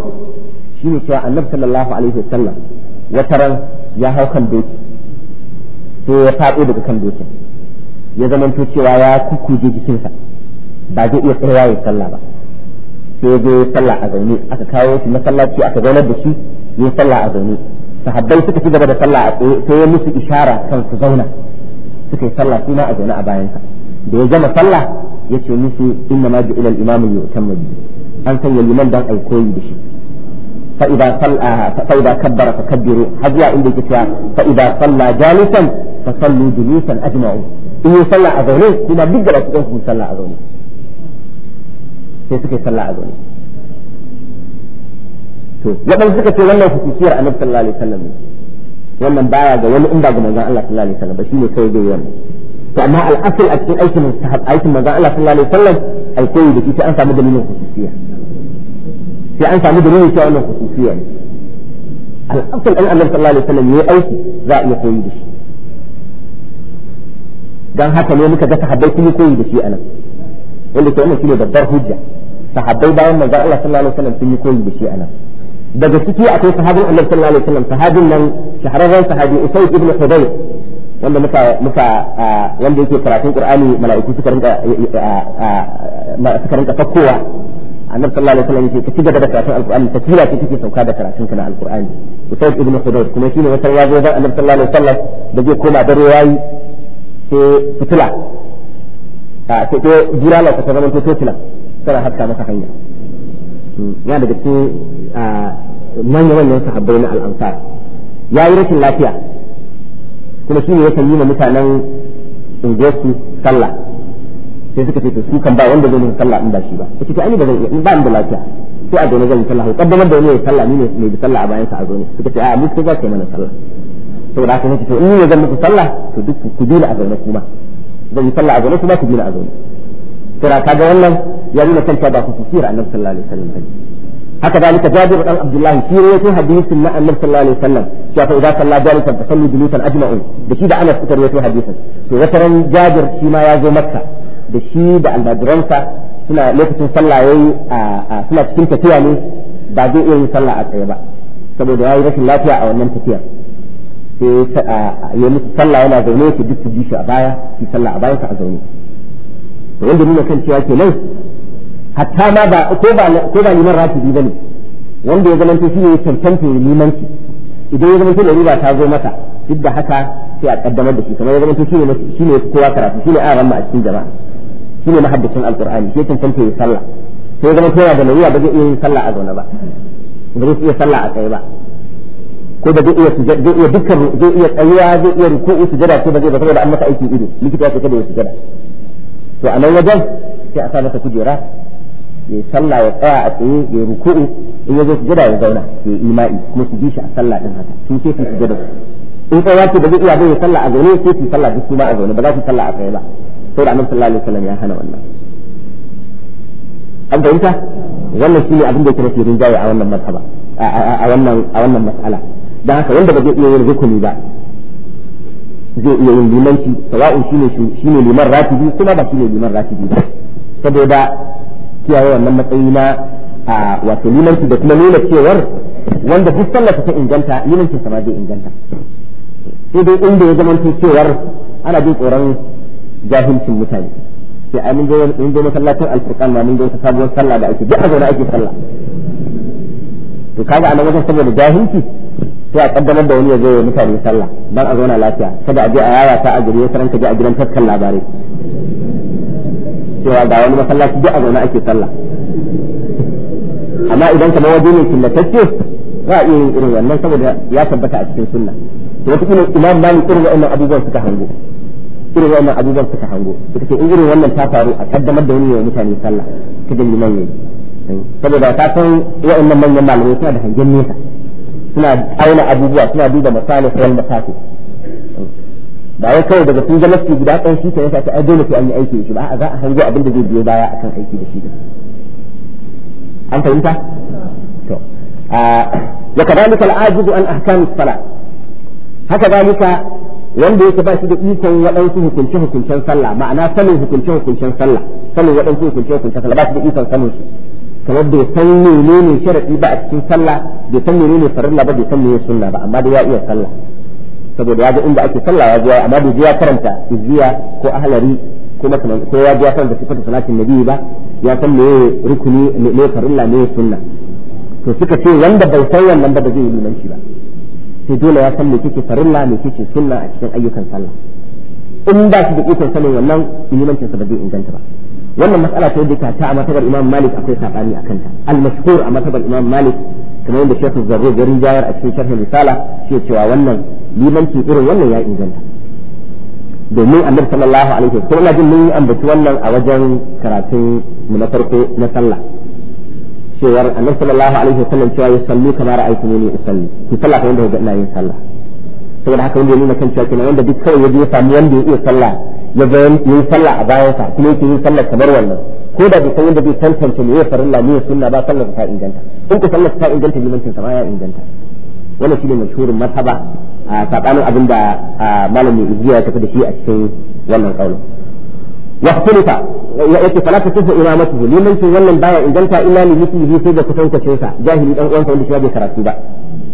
shine cewa annabi sallallahu alaihi wasallam wataran ya hau kan doki sai ya fado daga kan dokin ya to cewa ya kukuje jikinsa ba zai iya tsayawa ya sallah ba sai ya je sallah a zaune aka kawo shi masallaci aka zaunar da shi ya sallah a zaune sahabbai suka ci gaba da sallah a tsaye sai ya musu ishara kan su zauna suka yi sallah su ma a zaune a bayansa da ya gama sallah ya ce musu inna ma ji ilal imamu yu'tamma bihi an sanya liman dan a koyi da shi fa'ida ah, kabbara fa kabbiru hajiya inda yake cewa fa'ida sallah jalisan fa sallu julusan ajma'u in yi sallah a zaune kuma duk gaba cikin su sallah a zaune sai suka yi sallah a zaune to waɗanda suka ce wannan hukuciyar annabi sallallahu alaihi wasallam ne wannan baya ga wani in ba ga manzon Allah sallallahu alaihi wasallam ba shine kai dai wannan to amma al'asul a cikin aikin sahab aikin manzon Allah sallallahu alaihi wasallam ai koyi da ita an samu dalilin khususiyya sai an samu dalilin cewa wannan khususiyya ne al'asul an Allah sallallahu alaihi wasallam yayi aiki za a iya koyi da shi dan haka ne muka ga sahabbai sun yi koyi da shi anan wanda ke wannan shine babbar hujja sahabbai bayan manzon Allah sallallahu alaihi wasallam sun yi koyi da shi anan daga ciki akwai sahabin annabi sallallahu alaihi wasallam sahabin nan shahararren sahabi usayd ibn hudayr wanda muka muka wanda yake karatun qur'ani mala'iku suka rinka suka rinka fakkowa annabi sallallahu alaihi wasallam yake ka cigaba da karatun alqur'ani ta kira ce take sauka da karatun kana alqur'ani usayd ibn hudayr kuma shine wata ya zo da annabi sallallahu alaihi wasallam da zai koma dare yayi sai fitila a sai ko jira la ta zama to tana haska masa hanya ya daga cikin manya manyan sahabbai na al'ansar ya yi rashin lafiya kuma shi ne ya sanyi ma mutanen unguwarsu sallah sai suka ce to su kan ba wanda zai yi sallah in ba shi ba kace ai ba zan iya ba ni da lafiya sai a gona zan yi sallah ko kaddamar da wani ya sallah ni ne mai bi sallah a bayan sa a zo ne suka ce a mu sai za ka yi mana sallah saboda haka sai to in ne zan muku sallah to duk ku dina a zaune kuma zan yi sallah a zaune kuma ku dina a zaune kira ga wannan ya nuna kanta ba khususiyar annabi sallallahu alaihi wasallam bane haka dalika jabir dan abdullahi shi ne yake hadisin na annabi sallallahu alaihi wasallam ya fa idan sallah jalisa fa sallu julusan ajma'u da shi da Anas suka rawaito hadisin to wataran jabir shi ma ya zo makka da shi da almajiransa suna lokacin sallah yayi suna cikin tafiya ne ba zai iya yin sallah a tsaye ba saboda yayi rashin lafiya a wannan tafiyar sai ya sallah yana zaune su duk su ji shi a baya shi sallah a bayan sa a zaune to wanda nuna kan cewa nan hatta ma ba ko ba ko ba ne wanda ya zama shi ne tantance limanci idan ya zama shi riba ta zo mata duk da haka sai a kaddamar da shi kamar ya zama shi ne shi ne kowa karatu shi ne a ramma a cikin jama'a shi ne mahaddacin alqur'ani shi tantance ya sallah sai ya zama shi da nuriya ba zai iya yin sallah a zaune ba ba zai iya sallah a tsaye ba ko ba zai iya zai iya dukkan zai iya tsayuwa zai iya ruku'u sujada ko ba zai ba saboda an masa aiki ido likita ya ce kada ya sujada to a nan wajen sai a sa masa kujera ya sallah ya tsaya a tsaye ya ruku'u in ya zo gida ya zauna ya ima'i kuma su bi shi a sallah din haka sun ce su su in kai wace ba zai iya zai sallah a zaune sai su sallah duk su ma a zaune ba za su sallah a tsaye ba sai da annabi sallallahu alaihi wasallam ya hana wannan an fahimta wannan ne abin da yake nufi rinjaye a wannan mazhaba a wannan a wannan mas'ala dan haka wanda ba zai iya yin rukuni ba zai iya yin limanci sawa'un shine shine liman ratibi kuma ba shine liman ratibi ba saboda kiyaye wannan matsayi na a wato limanci da kuma nuna cewar wanda duk sallar ta inganta limancin sa ma zai inganta sai dai inda ya zamanta cewar ana bin tsoron jahilcin mutane sai a mun ga mun ga masallacin alfurqan ma mun ga ta sabuwar sallah da ake duk a zaune ake sallah to kaga a nan wajen saboda jahilci sai a kaddamar da wani ya zo mutane sallah dan a zauna lafiya kada a je a yaya ta a gari ya saranka je a gidan tattalin labarai cewa ga wani masallaci duk a zaune ake sallah amma idan kamar waje ne killatacce za a iya yin irin wannan saboda ya tabbata a cikin sunna to wata kuma imam malik irin wannan abubuwan suka hango irin wannan abubuwan suka hango suka ce in irin wannan ta faru a kaddamar da wani ya mutane sallah ta da liman yayi saboda ta san wa'annan manyan malamai suna da hangen nesa suna auna abubuwa suna duba masalih wal mafatih ba wai kawai daga sun zama su guda ɗan shi yasa ta ai dole sai an yi aiki da shi ba a za a hango abin da zai biyo baya akan aiki da shi da an fahimta to wa kadalika al-ajizu an ahkam as-salat haka zalika wanda yake ba shi da ikon waɗansu hukunce hukuncen sallah ma'ana sanin hukunce hukuncen sallah sanin waɗansu hukunce hukuncen sallah ba shi da ikon sanin su kamar bai san menene sharadi ba a cikin sallah bai san menene farilla ba bai san menene sunna ba amma da ya iya sallah saboda ya ga inda ake sallah ya jiya amma bai ya karanta izziya ko ahlari ko makaman ko ya jiya karanta sifatu salatin nabi ba ya san me rukuni me farilla me sunna to suka ce wanda bai san wannan ba da zai yi limanci ba sai dole ya san me kike farilla me kike sunna a cikin ayyukan sallah in ba su da ikon sanin wannan limancin sa ba zai inganta ba wannan mas'ala ta yadda ta a matabar imam malik akwai sabani akan kanta al-mashhur a matabar imam malik kamar yadda shekhu zarro garin jayar a cikin sharhin risala shi cewa wannan limanci irin wannan ya inganta domin annabi sallallahu alaihi wasallam kuma jin mun ambaci wannan a wajen karatun mu na farko na sallah cewa annabi sallallahu alaihi wasallam cewa ya sallu kamar ne usalli ki sallah kamar da ina yin sallah saboda haka wanda ya nuna kan cewa kenan wanda duk kawai ya je samu wanda ya iya sallah ya ga yin sallah a bayan sa kuma yake yin sallah kamar wannan ko da bai san yadda zai tantance me ya farilla me ya sunna ba sallar ta inganta in ku sallar ta inganta limancin sa ya inganta wannan ne mashhurin mazhaba a sabanin abin da malami ijiya ya tafi da shi a cikin wannan kaulin wa khulifa ya yake fala ta tafi imamatu ne mun ce wannan baya inganta illa ni mutum sai ga kusan ka sa jahili dan uwan sa wanda shi bai karatu ba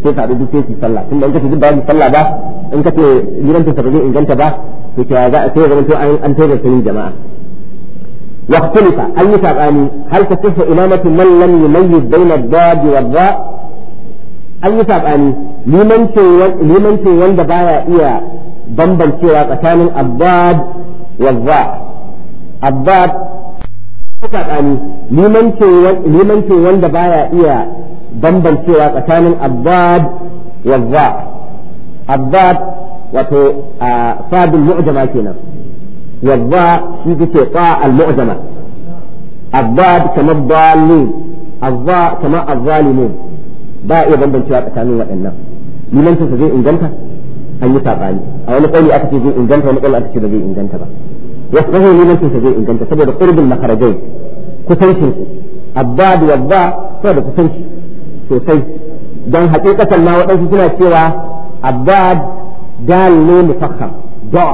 sai sa duk sai sallah tunda in kace duk bai sallah ba in kace miran ta bai inganta ba to kya ga sai ga mutum an an tafi cikin jama'a wa khulifa ayyuka bani hal ta tafi imamatu man lam yumayyiz baina ad-dad da ad-dha an yi saɓani limancin wanda baya iya bambancewa tsakanin abbad wa za abbad saɓani limancin wanda baya iya bambancewa tsakanin abbad wa za abbad wato a fadin mu'jama kenan wa za shi kake ta al-mu'jama abbad kamar dalil azza kamar azzalimin ba a iya bambancewa tsakanin waɗannan limancinsa zai inganta an yi saɓani a wani ƙauli aka ce zai inganta wani ƙauli aka ce ba zai inganta ba wasu ƙauli limancinsa zai inganta saboda ƙurbin makarajai kusancin su abba da yabba da kusanci sosai don haƙiƙatan ma waɗansu suna cewa abba da ne mufakkar da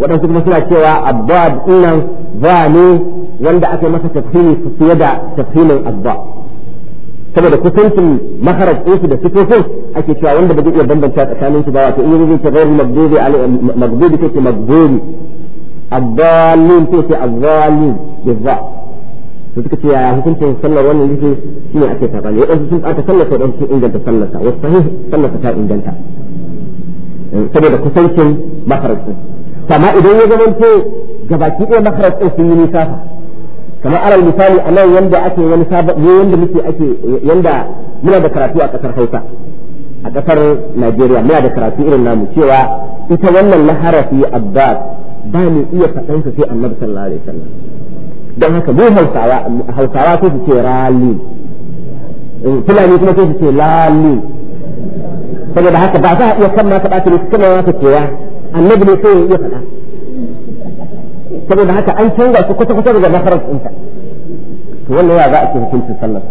waɗansu kuma suna cewa abba ɗinnan ba ne wanda aka yi masa su fiye da tafhimin abba saboda kusancin maharaj ɗinsu da sifofin ake cewa wanda ba zai iya bambanta tsakanin su ba wato in yanzu ce gairu magdubi magdubi sai ce magdubi azzalin sai ce azzalin bizza su suka ce yaya hukuncin sallar wannan yake shine ake ya wadansu sun ɓata sallar sai wadansu sun inganta sallar ta wasu sahih sallar ta inganta eh, saboda kusancin maharaj ɗin amma idan ya zamanto gabaki ɗaya maharaj ɗin sun yi nisa kamar alal misali a nan yanda ake wani sabon yanda muke ake yanda muna da karatu a kasar Hausa a kasar Najeriya muna da karatu irin namu cewa ita wannan laharafi abbas ba mu iya faɗan sa sai Annabi sallallahu alaihi wasallam don haka mu Hausawa Hausawa ko su ce rali eh, Fulani kuma sai su ce lali saboda haka ba za a iya kan ma ba ta ne kuma ma ce ya Annabi ne sai ya iya faɗa saboda haka an canza su kwata kwata daga mafarar ɗinsa to wannan ya za a ce hukuncin sallar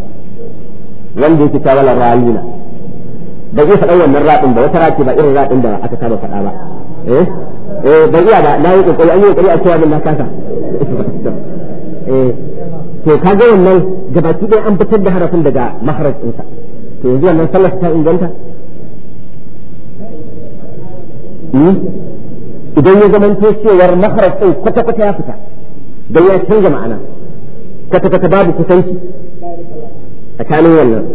wanda yake ta wala ralina ba zai faɗa wannan raɗin ba wata rafi ba irin raɗin da aka saba faɗa ba eh eh iya ba na yi kokari an yi kokari a cewa min na kasa [laughs] eh to kaga wannan gabaki ɗaya an fitar da harafin daga maharaj ɗinsa to yanzu wannan sallar ta inganta hmm? idan ya zama to cewar maharaj din kwata kwata ya fita da ya canza ma'ana kwata kwata babu kusanci tsakanin wannan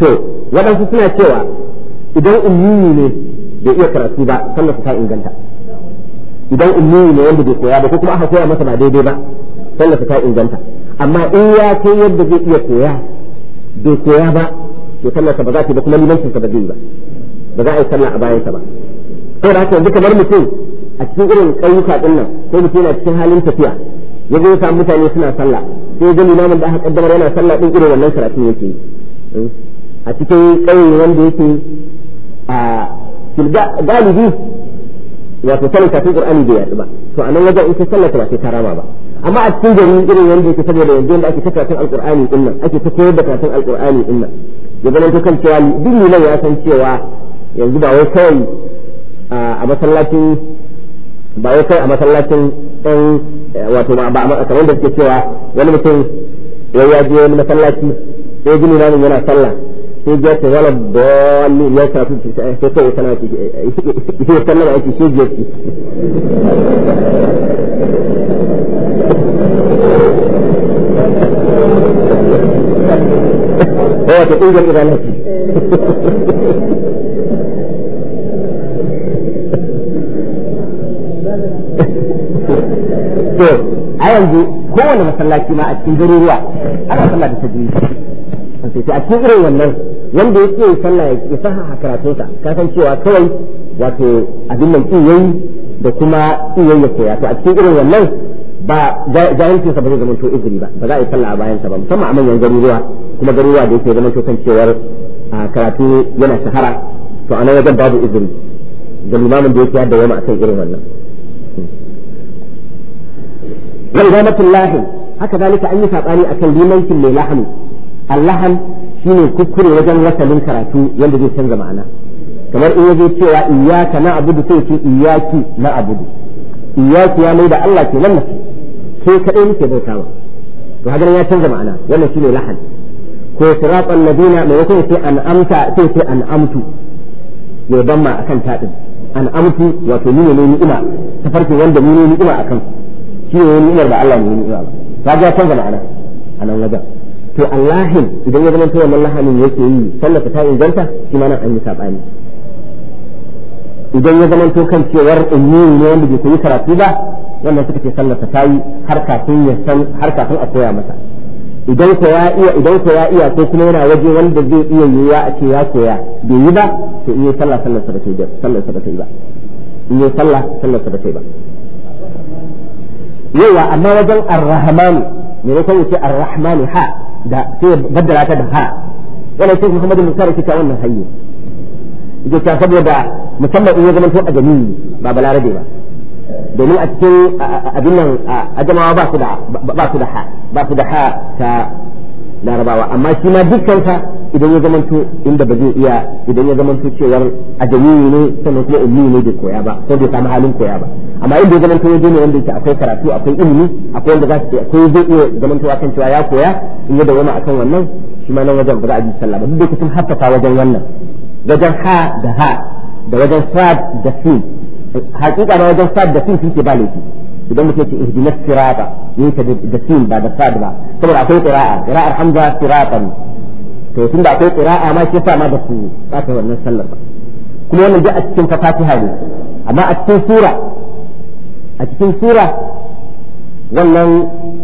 to waɗansu suna cewa idan ummi ne bai iya karatu ba sannan ta inganta idan ummi ne wanda bai koya ba ko kuma aka koya masa ba daidai ba sannan ta inganta amma in ya kai yadda zai iya koya bai koya ba to sallar ba za ta ba kuma limancin sa ba zai ba ba za a yi sallah a bayan sa ba da haka yanzu kamar mutum a cikin irin ƙauyuka ɗin nan sai mutum yana cikin halin tafiya ya zo samu mutane suna sallah sai ga namun da aka kaddamar yana sallah ɗin irin wannan karatun yake a cikin ƙauye wanda yake a galibi wato sanin kafin qur'ani bai yaɗu ba to a nan wajen in ka sallata ba sai ta rama ba amma a cikin gari irin wanda yake saboda yanzu da ake ta karatun alqur'ani din nan ake ta koyar da karatun alqur'ani din nan ya zama ta kan cewa duk ya san cewa yanzu ba wai kawai a masallacin ba wai kai a masallacin ɗan eh, wato ba a kamar da suke cewa wani mutum ya ya je wani masallaci sai gini namun yana sallah sai ya ta zala dalli ya tafi sai kai sana ki sai sallah da ake shi je ki eh wato ingar idan [laughs] to a yanzu kowane masallaci ma a cikin garuruwa ana sallah da tajwidi sai a cikin irin wannan wanda ya ce sallah ya saha karatunsa ka san cewa kawai wato abin nan ki yayi da kuma ki yayi ya to a cikin irin wannan ba sa ba zai zama to izini ba ba za a yi sallah a sa ba musamman a manyan garuruwa kuma garuruwa da yake zama to kan cewar karatu yana shahara to a nan wajen babu izini da limamin da yake yadda wani akan irin wannan wa idamatul lahin haka zalika an yi sabani akan limancin mai lahanu allahan shine kukure wajen wasalin karatu yadda zai canza ma'ana kamar in yaje cewa iyyaka na'budu sai ce iyyaki na'budu iyyaki ya mai da Allah ke nan sai kadai muke bautawa to haka ya canza ma'ana wannan shine lahan ko siratan ladina mai yake sai an amta sai sai an amtu mai ban akan tadin an amtu wato ni ne ta ku shi ne ni'imar ba Allah ne ya ba ba ga ya canza ma'ana a nan wajen to Allahin idan ya zama to wannan lahanin yake yi sallata ta inganta shi ma nan an yi sabani idan ya zama to kan cewar ummi ne wanda bai koyi karatu ba wannan suka ce sallata ta yi har kafin ya san har kafin a koya masa idan ko ya iya idan ko ya iya ko kuma yana waje wanda zai iya yiwa ya ce ya koya bai yi ba to iya yi sallah sallar sa ba sallah sa ba sai ba yawa amma wajen ar-rahman ne ya kawo ha da sai baddala ta da ha wannan sai Muhammad bin Sari ta wannan hayyo yake ta saboda musamman in ya zama to a jami'i ba balarabe ba domin a cikin abin nan ajamawa ba su da ba su da ha ba su da ha ta larabawa amma shi ma dukkan sa idan ya zamanto inda ba zai iya idan ya zamanto cewar ajami ne sannan kuma ummi ne bai koya ba ko bai samu halin koya ba amma inda ya zamanto waje ne wanda yake akwai karatu akwai ilimi akwai wanda za su akwai zai iya zamanto akan cewa ya koya in ya dawama akan wannan shi ma nan wajen ba za a ji sallah ba duk da kusan haffafa wajen wannan wajen ha da ha da wajen sad da sin hakika na wajen sad da sin ke ba laifi idan mutum ce ihdinas sirata yake da sin ba da sad ba saboda akwai qira'a qira'ar hamza siratan to tunda akwai qira'a ma shi yasa ma ba su bata wannan sallar ba kuma wannan duk a cikin fatiha ne amma a cikin sura a cikin sura wannan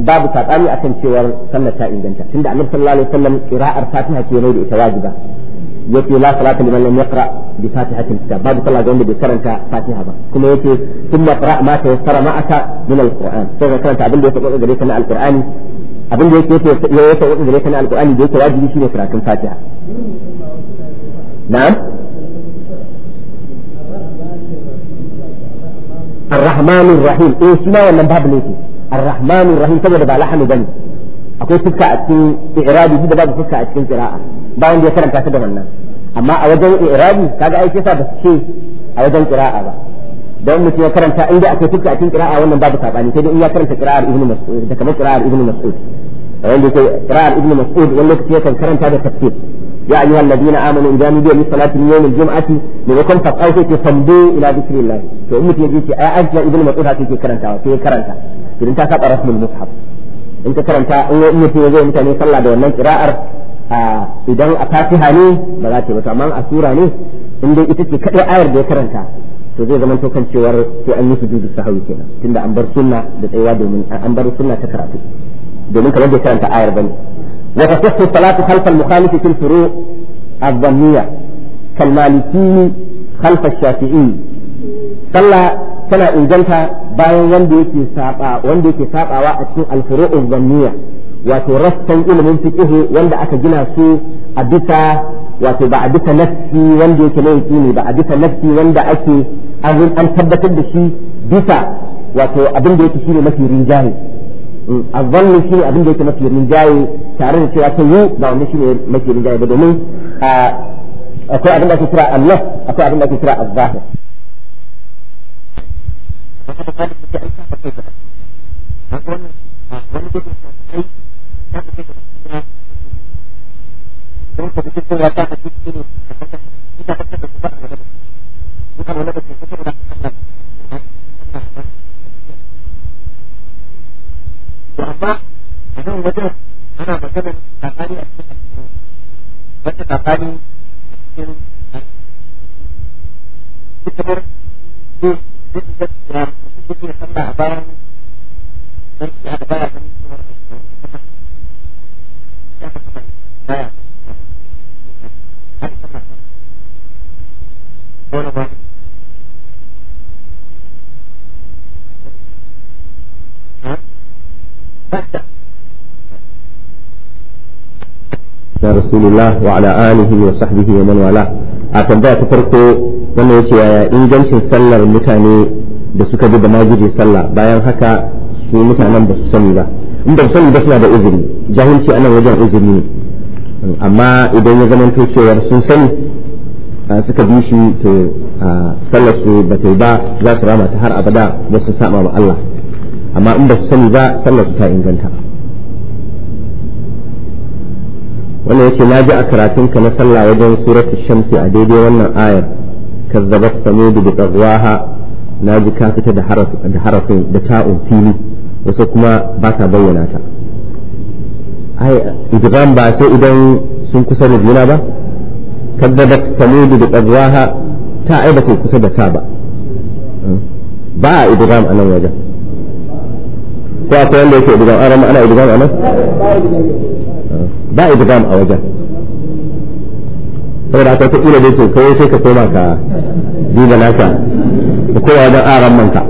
babu a akan cewar sallar ta inganta tunda annabi sallallahu alaihi wasallam qira'ar fatiha ce ne da ita wajiba yake la salata liman lam yaqra bi fatihati kitab babu sallah ga wanda bai karanta fatiha ba kuma yake thumma qra ma tayassara ma'aka min alquran sai ka karanta abin da ya faɗa gare ka na alqurani abin da yake ya yi sauƙi da yake na alƙur'ani da yake wajibi ne karatun fatiha na'am الرحمن الرحيم ايه شما ولا باب ليكي ar rahim saboda ba lahanu bane akwai fuska a cikin i'rabi da babu fuska a cikin qira'a ba wanda ya karanta shi da wannan amma a wajen i'rabi kaga ai sai ba ce a wajen qira'a ba dan mutum ya karanta inda akwai fuska a cikin qira'a wannan babu sabani sai dai in ya karanta qira'ar ibnu mas'ud da kamar qira'ar ibnu mas'ud عند قراءة ابن مسعود واللوكت يكن كرنت هذا التفسير يا أيها الذين آمنوا إذا نودي من صلاة يوم الجمعة لنكم فقعوا في فمضوا إلى ذكر الله فأمتي فأمي تيجي يا أجل ابن مسعود هذه في كرنتا في كرنتا إذا انت تقرأ رسم المصحف أنت كرنتا أمي تيجي أنت نصلى دون قراءة idan a fatiha ne ba za ta ba amma a sura ne in dai ita ce kadai ayar da ya to zai zama kan cewar sai an yi sujudu sahawi kenan tunda an bar sunna da tsayuwa domin an bar sunna ta karatu domin kamar bai karanta ayar bane wa tasihhu salatu khalfa al-mukhalif fil furu' adh-dhammiyya kal maliki khalfa ash-shafi'i sallah tana inganta bayan wanda yake saba wanda yake sabawa a cikin al-furu' adh-dhammiyya wato rassan ilimin fiqh wanda aka gina su a bisa wato ba a bisa nafsi wanda yake na yaqini ba a bisa nafsi wanda ake an tabbatar da shi bisa wato abin da yake shine mafi rinjani. azzanni shi abin da yake mafi rinjaye tare da cewa ta yi ba wanda shi ne mafi rinjaye ba domin akwai abin da ake kira Allah akwai abin da ake kira azzahir Bukan amma a nan wajen ana maganar tsakani a cikin addini wata tsakani a cikin fitar duk duk da ya kuke sallah a bayan dan shi a baya kan suwar ya ta kuma baya na rasulullah wa ala alihi wa sahbihi wa man wala a tambaya ta farko wannan yace yaya ingancin sallar mutane da suka bi da majiji sallah bayan haka su mutanen ba su sani ba in ba su sani ba suna da uzuri jahilci anan wajen uzuri ne amma idan ya zama to cewar sun sani suka bi shi to sallar su ba ta ba za su rama ta har abada ba su saba ma Allah amma in ba su sani ba sallar su ta inganta wannan yace na ji a karatun ka na sallah wajen suratu shamsi a daidai wannan ayar kazzabat samudu bi tagwaha na ji ka fita da harafin da harafin da ta'un fili wasu kuma ba sa bayyana ta ai idan ba sai idan sun kusa da juna ba kazzabat samudu bi tagwaha ta ai ba kusa da ta ba hmm? ba a idgham a nan wajen ko akwai wanda yake idgam an ana idgam nan ba idgam a wajen saboda akwai ta ila da yake kai sai ka koma ka duba naka ka kowa wajen aran manka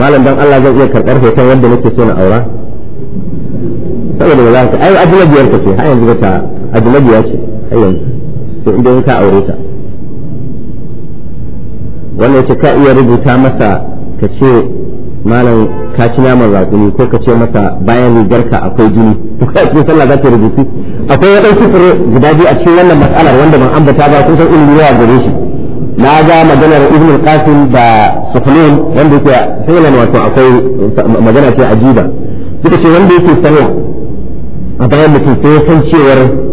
malam dan Allah zan iya karɓar hoton wanda nake so na aura saboda ba za ka ai ajiyar biyar ka ce har yanzu ba ta ajnabi ya ce har sai inda ka aure ta wannan yace ka iya rubuta masa ka ce malam ka ci naman raƙumi ko ka ce masa bayan rigarka akwai jini to [laughs] kai cikin sallah za ta rubutu akwai ya ɗauki fure guda biyu a cikin wannan matsalar wanda ban ambata ba kun san ilimi yawa gare shi na ga maganar ibn qasim da sufyan wanda yake filan wato akwai magana ce ajiba suka ce wanda yake sallah a bayan mutum sai ya san cewar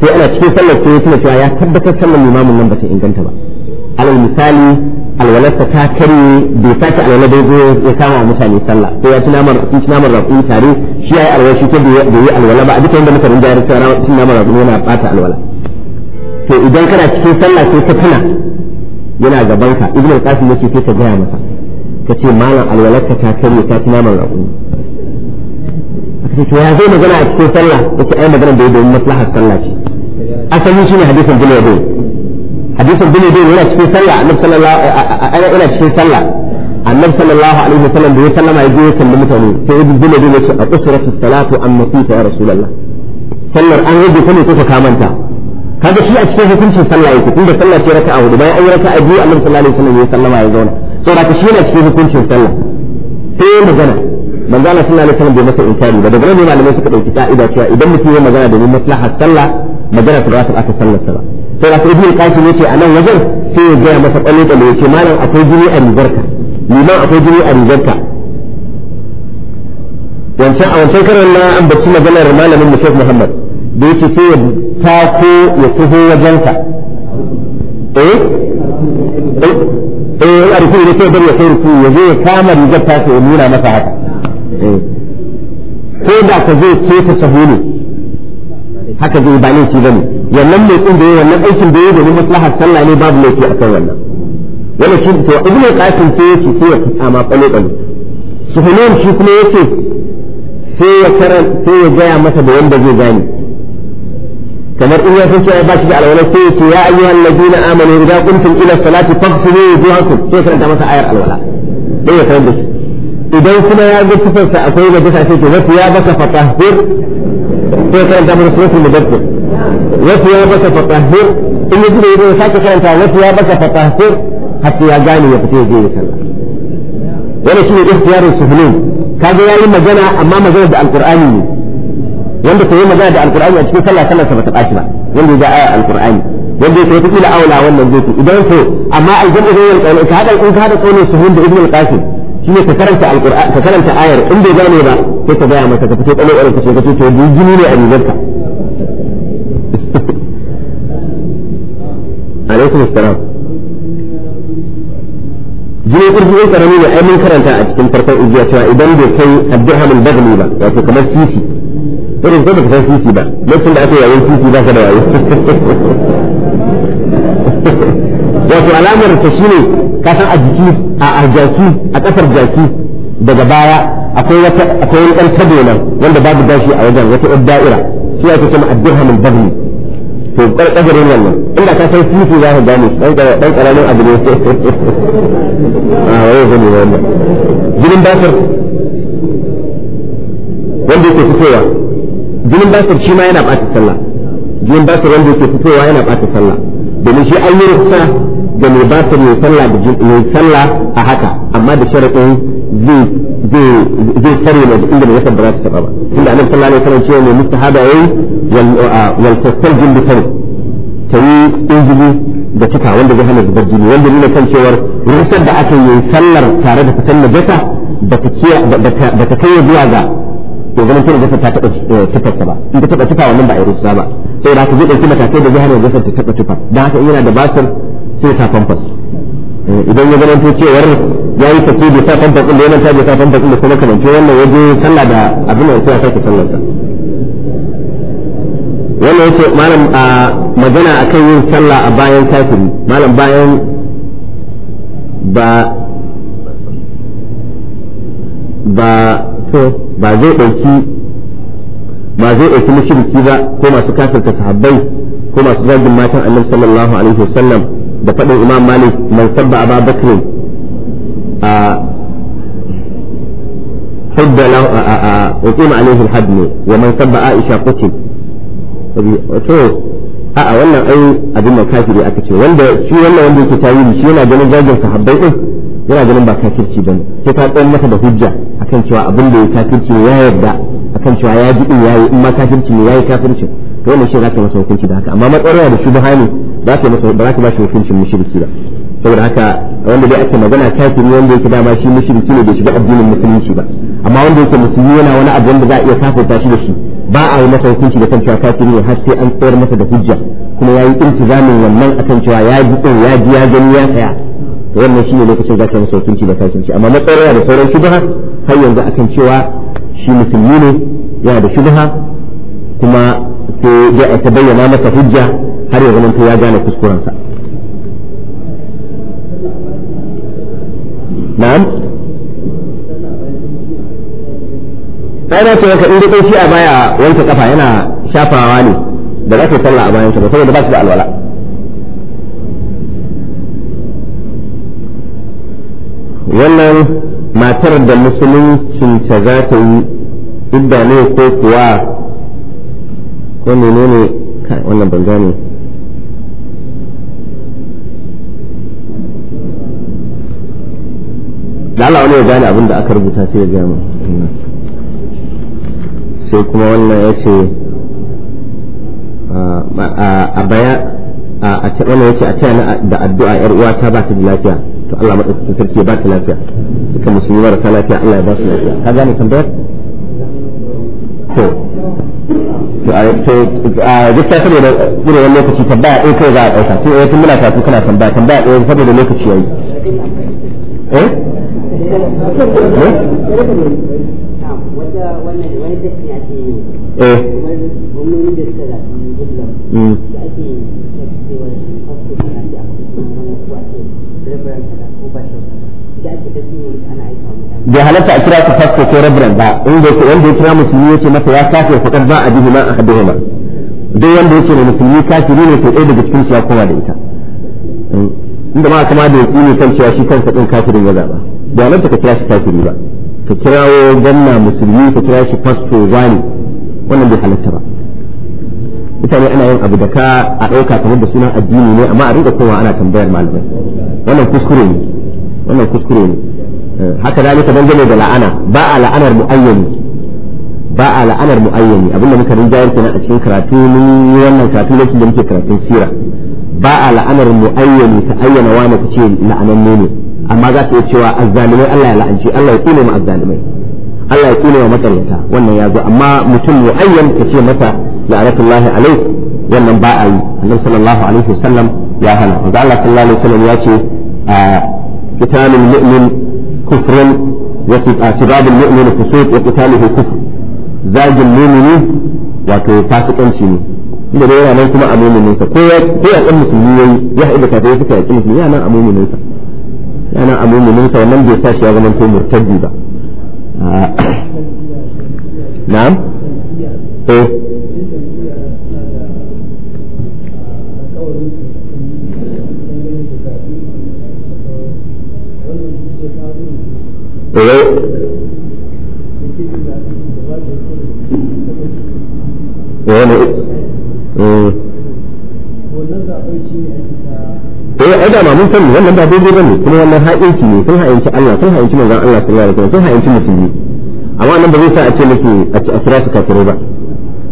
sai ana cikin sallar sai ya cewa ya tabbatar sallar limamin nan ba ta inganta ba alal misali alwalarsa ta karye bai sake alwala da zo ya kama wa mutane sallah sai ya ci namar sun ci namar raƙumi tare shi ya yi alwala shi ko bai yi alwala ba a duka yadda mutane rinja ya rasa cin namar raƙumi yana ɓata alwala to idan kana cikin sallah sai ka tuna yana gaban ka ibnu qasim yace sai ka gaya masa ka ce malam alwalarka ta karye ta ci namar raƙumi aka ce to ya zai magana a cikin sallah yace ai magana da yi domin maslahar sallah ce asali shine hadisin bulwado hadisin bulwado yana cikin sallah annabi sallallahu yana cikin sallah annabi sallallahu alaihi wasallam da ya sallama ya je ya kalli mutane sai ibn bulwado ya ce aqsiratu salatu am nasita ya rasulullah sallar an rage ta ne ko ka manta kaga shi a cikin hukuncin sallah yake tunda sallah ce raka'a hudu bayan an yi raka'a biyu annabi sallallahu alaihi wasallam ya sallama ya zauna saboda ka shi yana cikin hukuncin sallah sai ya magana manzo Allah sallallahu alaihi wasallam bai masa inkari ba daga nan ne malamai suka dauki ka'ida cewa idan mutum ya magana domin maslahar sallah magana ta zata aka sallarsa ba sai aka ibnu qasim yace a nan wajen sai ya gaya masa kwallo da yace malam akwai jini a rigarka liman akwai jini a rigarka wancan a wancan karan na ambaci maganar malamin mu Sheikh Muhammad da yace sai ya tako ya taho wajenka eh? eh eh a rukuni ne sai bari ya kai rukuni ya zo ya kama rigar ta ya nuna masa haka eh ko da ka zai keta sahu haka zai ba laifi ba ne wannan mai tsin da yi wannan aikin da yi domin maslaha sallah ne babu laifi a kan wannan wani shi to ibnu qasim sai ya ce sai ya fita ma kwale kwale suhulun shi kuma ya ce sai ya karan sai ya gaya masa da wanda zai gani kamar in ya san cewa ba shi da alwala sai ya ce ya ayyuhal ladina amanu idza qumtum ila salati faghsilu wujuhakum sai ya karanta masa ayar alwala dai ya karanta shi idan kuma ya ga tufarsa akwai da bisa sai ya baka fatahur sai karanta mana suratul mudaththir wasu ya baka fatahhir in yaji da yazo sake karanta wasu ya baka fatahhir hatta ya gane ya fita je ya sallah wannan shine ihtiyarul suhulun kaga yayi magana amma magana da alqur'ani ne wanda ta yi magana da alqur'ani a cikin sallah sallar sa bata ɓaci ba wanda ya ga aya alqur'ani wanda yake wata aula wannan zai idan so amma aljamu zai yi alƙawari ka haɗa in ka haɗa ƙaunin suhun da ibnu al shi ne ka karanta alqur'an ka karanta ayar in bai gane ba sai ka gaya masa ka fito kallon ƙwarar ka ce ka ce to jini ne a rigarka [laughs] alaikum assalam jini kurji ne karami ne ai mun karanta a cikin farkon igiya cewa idan bai kai addu'amul bagli ba wato kamar sisi irin ko baka san sisi ba lokacin da aka yayin sisi ba ka da wayo [laughs] wato alamar ta shine ka san a jiki a jaki a kasar jaki daga baya akwai wata akwai wani ɗan nan wanda babu gashi a wajen wata ɗan da'ira shi ake cewa ad-dirhamul bagli to ƙarƙarin wannan inda ka san sifi za ka gane dan dan karamin abu ne [laughs] a waye gani wannan jinin basir wanda yake fitowa jinin basir shi ma yana ɓata sallah jinin basir wanda yake fitowa yana ɓata sallah domin shi an yi rufsa da mai ba ta mai sallah mai sallah a haka amma da sharaɗin zai zai tare na inda mai yasa ba za ta taɓa ba inda annabi sallallahu alaihi wasallam cewa ne mustahaba yayi wal jin da tare ta yi injili da cika wanda zai hana zubar jini wanda nuna kan cewar rufsar da aka yi sallar tare da fitan najasa ba ta kai zuwa ga to ganin ta najasa ta taɓa eh, tufarsa ba in ta taɓa tufa ba a yi rusa ba sai da ka zai ɗauki matakai da zai hana gasar ta taɓa tufa da haka yana da basir sai sa famfas eh, idan ya zama cewar ya yi sake bai sa famfas ɗin da yana ta bai sa famfas ɗin da kuma kamance wannan ya je sallah da abin da sai ya sake sallarsa wannan ce malam a magana kan yin sallah a bayan kafiri malam bayan ba ba ba zai ɗauki ba zai ɗauki mushriki ba ko masu kafirta sahabbai ko masu zagin matan annabi sallallahu alaihi wasallam da faɗin imam malik man sabba aba bakr a hudda lahu a uqima alaihi alhad ne wa man sabba aisha qutil to a a wannan ai abin da kafiri aka ce wanda shi wannan wanda yake tayi shi yana ganin zagin sahabbai din yana ganin ba kafirci bane sai ta tsayar masa da hujja akan cewa abin da ya kafirci ya yarda akan cewa ya ji ya yi in ma kafirci ne ya yi kafirci to wannan shi za ka masa hukunci da haka amma matsalar da shi bahani za ka masa ba za ka ba shi hukuncin mushriki ba saboda haka wanda dai ake magana kafin wanda yake dama shi mushriki ne bai shiga addinin musulunci ba amma wanda yake musulmi yana wani abu wanda za a iya kafirta shi da shi ba a yi masa hukunci da kan cewa kafin ne har sai an tsayar masa da hujja kuma ya yi wannan akan cewa ya ji din ya ji ya gani ya saya to wannan ne lokacin za ka masa hukunci da kafirci amma matsalar da sauran ba har yanzu akan cewa shi musulmi ne yana da shubha kuma sai ya ta bayyana masa hujja har ya zamanto ya gane kuskurensa na'am ta ce maka inda kai shi a baya wanke kafa yana shafawa ne da za ka yi sallah a bayan ba saboda ba su da alwala wannan matar da ta za ta yi idda ne ko kuwa ko ne menene wannan ban gane da Allah wani ya gane abin da aka rubuta sai ya mu sai kuma wannan ya ce ah, a baya a ce wannan ya ce a ce da addu'a 'yar uwa ta ba ta da lafiya to Allah madaukakin sarki ya ba ta lafiya dukkan musulmi marasa lafiya Allah ya ba su lafiya ka gane tambayar to to a a to gaskiya saboda irin lokaci tambaya ɗaya kai za a ɗauka to ɗaya tun muna tafi kana tambaya tambaya ɗaya saboda lokaci yayi eh eh, eh. bai halatta a kira ka fasto ko rabran ba inda yake wanda ya kira musulmi ya ce masa ya kafe fakar ba a bihi ma a ba duk wanda ya ce ne musulmi kafiri ne to ɗaya daga cikin su ya koma da ita inda ma kama da yaki ne kan cewa shi kansa ɗin kafirin ya zaɓa bai halatta ka kira shi kafiri ba ka kirawo ganna musulmi ka kira shi fasto wani wannan bai halatta ba mutane ana yin abu da ka a ɗauka kamar da sunan addini ne amma a riƙa kowa ana tambayar malamai wannan kuskure ne wannan kuskure ne haka zalika dangane da la'ana ba a la'anar muayyani ba a la'anar muayyani abinda muka rinjayar kenan a cikin karatu mun yi wannan karatu lokacin da muke karatun sira ba a la'anar muayyani ta ayyana wani ku ce la'ananne ne amma za ta iya cewa azzalimai Allah ya la'anci Allah ya tsine mu azzalimai Allah ya tsine mu matsalata wannan ya zo amma mutum muayyan ka ce masa la'anatullahi alaihi wannan ba a yi annabi sallallahu alaihi wasallam ya hana manzo Allah sallallahu alaihi wasallam ya ce a kitabul mu'min كفر وسباب المؤمن فسوق وقتاله كفر زاج المؤمن wato fasikanci ne inda da yana nan kuma a muminin ko ko ya kan musulmi yayi ya haɗu da kafirai suka yaƙi musulmi yana a muminin sa yana a muminin sa wannan bai sa shi ya zama ko murtaddi ba na'am eh Eh? Eh. eh ai da mun sani wannan ba daidai bane kuma wannan ha'inci ne sun ha'inci Allah sun ha'inci manzon Allah sallallahu alaihi wasallam sun ha'inci musulmi amma nan ba zai sa a ce miki a ci asira su kafire ba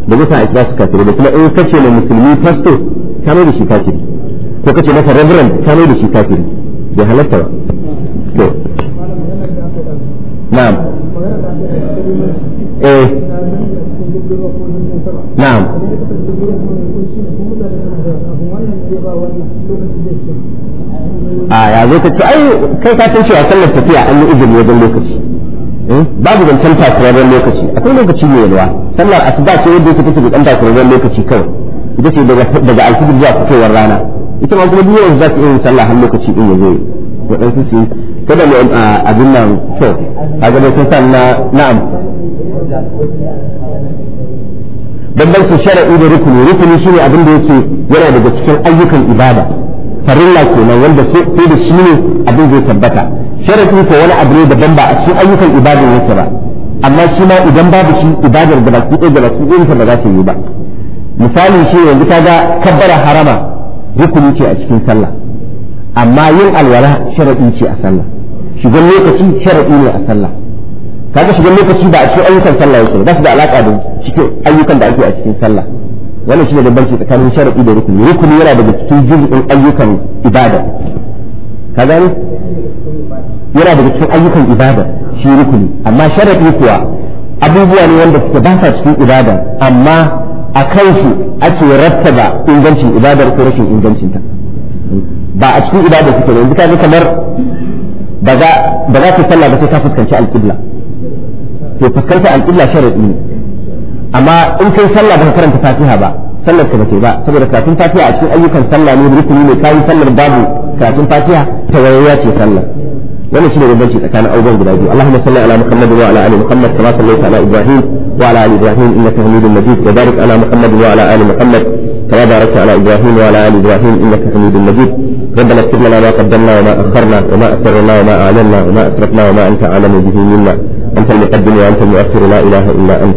ba zai sa a asira su kafire ba kuma in ce na musulmi pastor ka mai da shi kafiri ko kace masa reverend ka mai da shi kafiri bai halatta ba na'am eh na'am a ah, ya zo ka ce ai kai ka san cewa sallar tafiya an yi izini wajen lokaci eh, babu zancen takurarren lokaci akwai lokaci mai yalwa sallar asuba ce wanda yake tafi da dan takurarren lokaci kawai ita ce daga alfijir zuwa fitowar rana ita ma kuma duk yau za su iya yin sallah har lokaci din ya zo waɗansu su yi kada mu abin nan so a gaba sun san na na'am bambanci shara'i da rukuni rukuni shine abin da yake yana daga cikin ayyukan ibada farilla kenan wanda sai da shi ne abin zai tabbata shara'i ko wani abu ne daban ba a cikin ayyukan ibada yake ba amma shi ma idan babu shi ibadar da baki ɗaya da baki ɗaya ba za su yi ba misali shi yanzu ga kabbara harama rukuni ce a cikin sallah amma yin alwala sharaɗi ce a sallah shigar lokaci sharaɗi ne a sallah kaga shigar lokaci ba a cikin ayyukan sallah yake ba su da alaka da cikin ayyukan da ake a cikin sallah wannan shine da tsakanin sharaɗi da rukuni rukuni yana daga cikin juz'in ayyukan ibada ka gani yana daga cikin ayyukan ibada shi rukuni amma sharaɗi kuwa abubuwa ne wanda suke ba sa cikin ibada amma a kansu ake rattaba ingancin ibadar ko rashin ingancinta ba a cikin ibada suke ne yanzu kaga kamar ba za ka sallah ba sai ka fuskanci alƙibla to fuskanta alƙibla sharaɗi ne amma in kai sallah ba ka karanta fatiha ba sallar ka ba ba saboda karatun fatiha a cikin ayyukan sallah ne rukuni ne kayi sallar babu karatun fatiha tawayya ce sallah wannan shine bambanci tsakanin abubuwan guda biyu Allahumma salli ala Muhammad wa ala ali Muhammad kama sallaita ala Ibrahim wa ala ali Ibrahim innaka Hamidum Majid wa barik ala Muhammad wa ala ali Muhammad kama barakta ala Ibrahim wa ala ali Ibrahim innaka Hamidum Majid ربنا اكتب لنا ما قدمنا وما أخرنا وما أسررنا وما أعلنا وما أسرفنا وما أنت أعلم به منا أنت المقدم وأنت المؤخر لا إله إلا أنت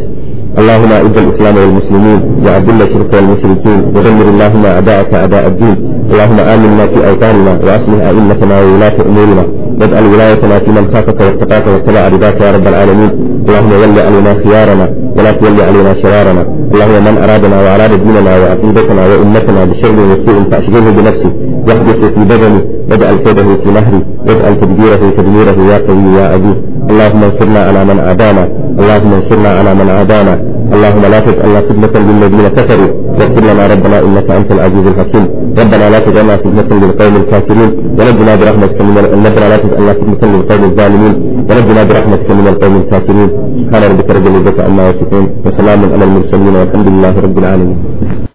اللهم أعز الإسلام والمسلمين الله الشرك والمشركين ودمر اللهم أعداءك أعداء الدين اللهم آمنا في أوطاننا وأصلح أئمتنا وولاة أمورنا واجعل ولايتنا في من خافك واتقاك واتبع رضاك يا رب العالمين اللهم ول علينا خيارنا ولا تول علينا شرارنا اللهم من أرادنا وأراد ديننا وعقيدتنا وأمتنا بشر وسوء فأشغله بنفسه يحدث في بدني بدأ الكيده في نهري واجعل تدبيره تدميره يا قوي يا عزيز اللهم انصرنا على من عادانا اللهم انصرنا على من عادانا اللهم لا تجعلنا فتنة للذين كفروا واغفر لنا ربنا انك انت العزيز الحكيم ربنا لا تجعلنا فتنة للقوم الكافرين ونجنا برحمتك من ربنا لا تجعلنا فتنة للقوم الظالمين ونجنا برحمتك من القوم الكافرين سبحان ربك رب العزة عما يصفون وسلام على المرسلين والحمد لله رب العالمين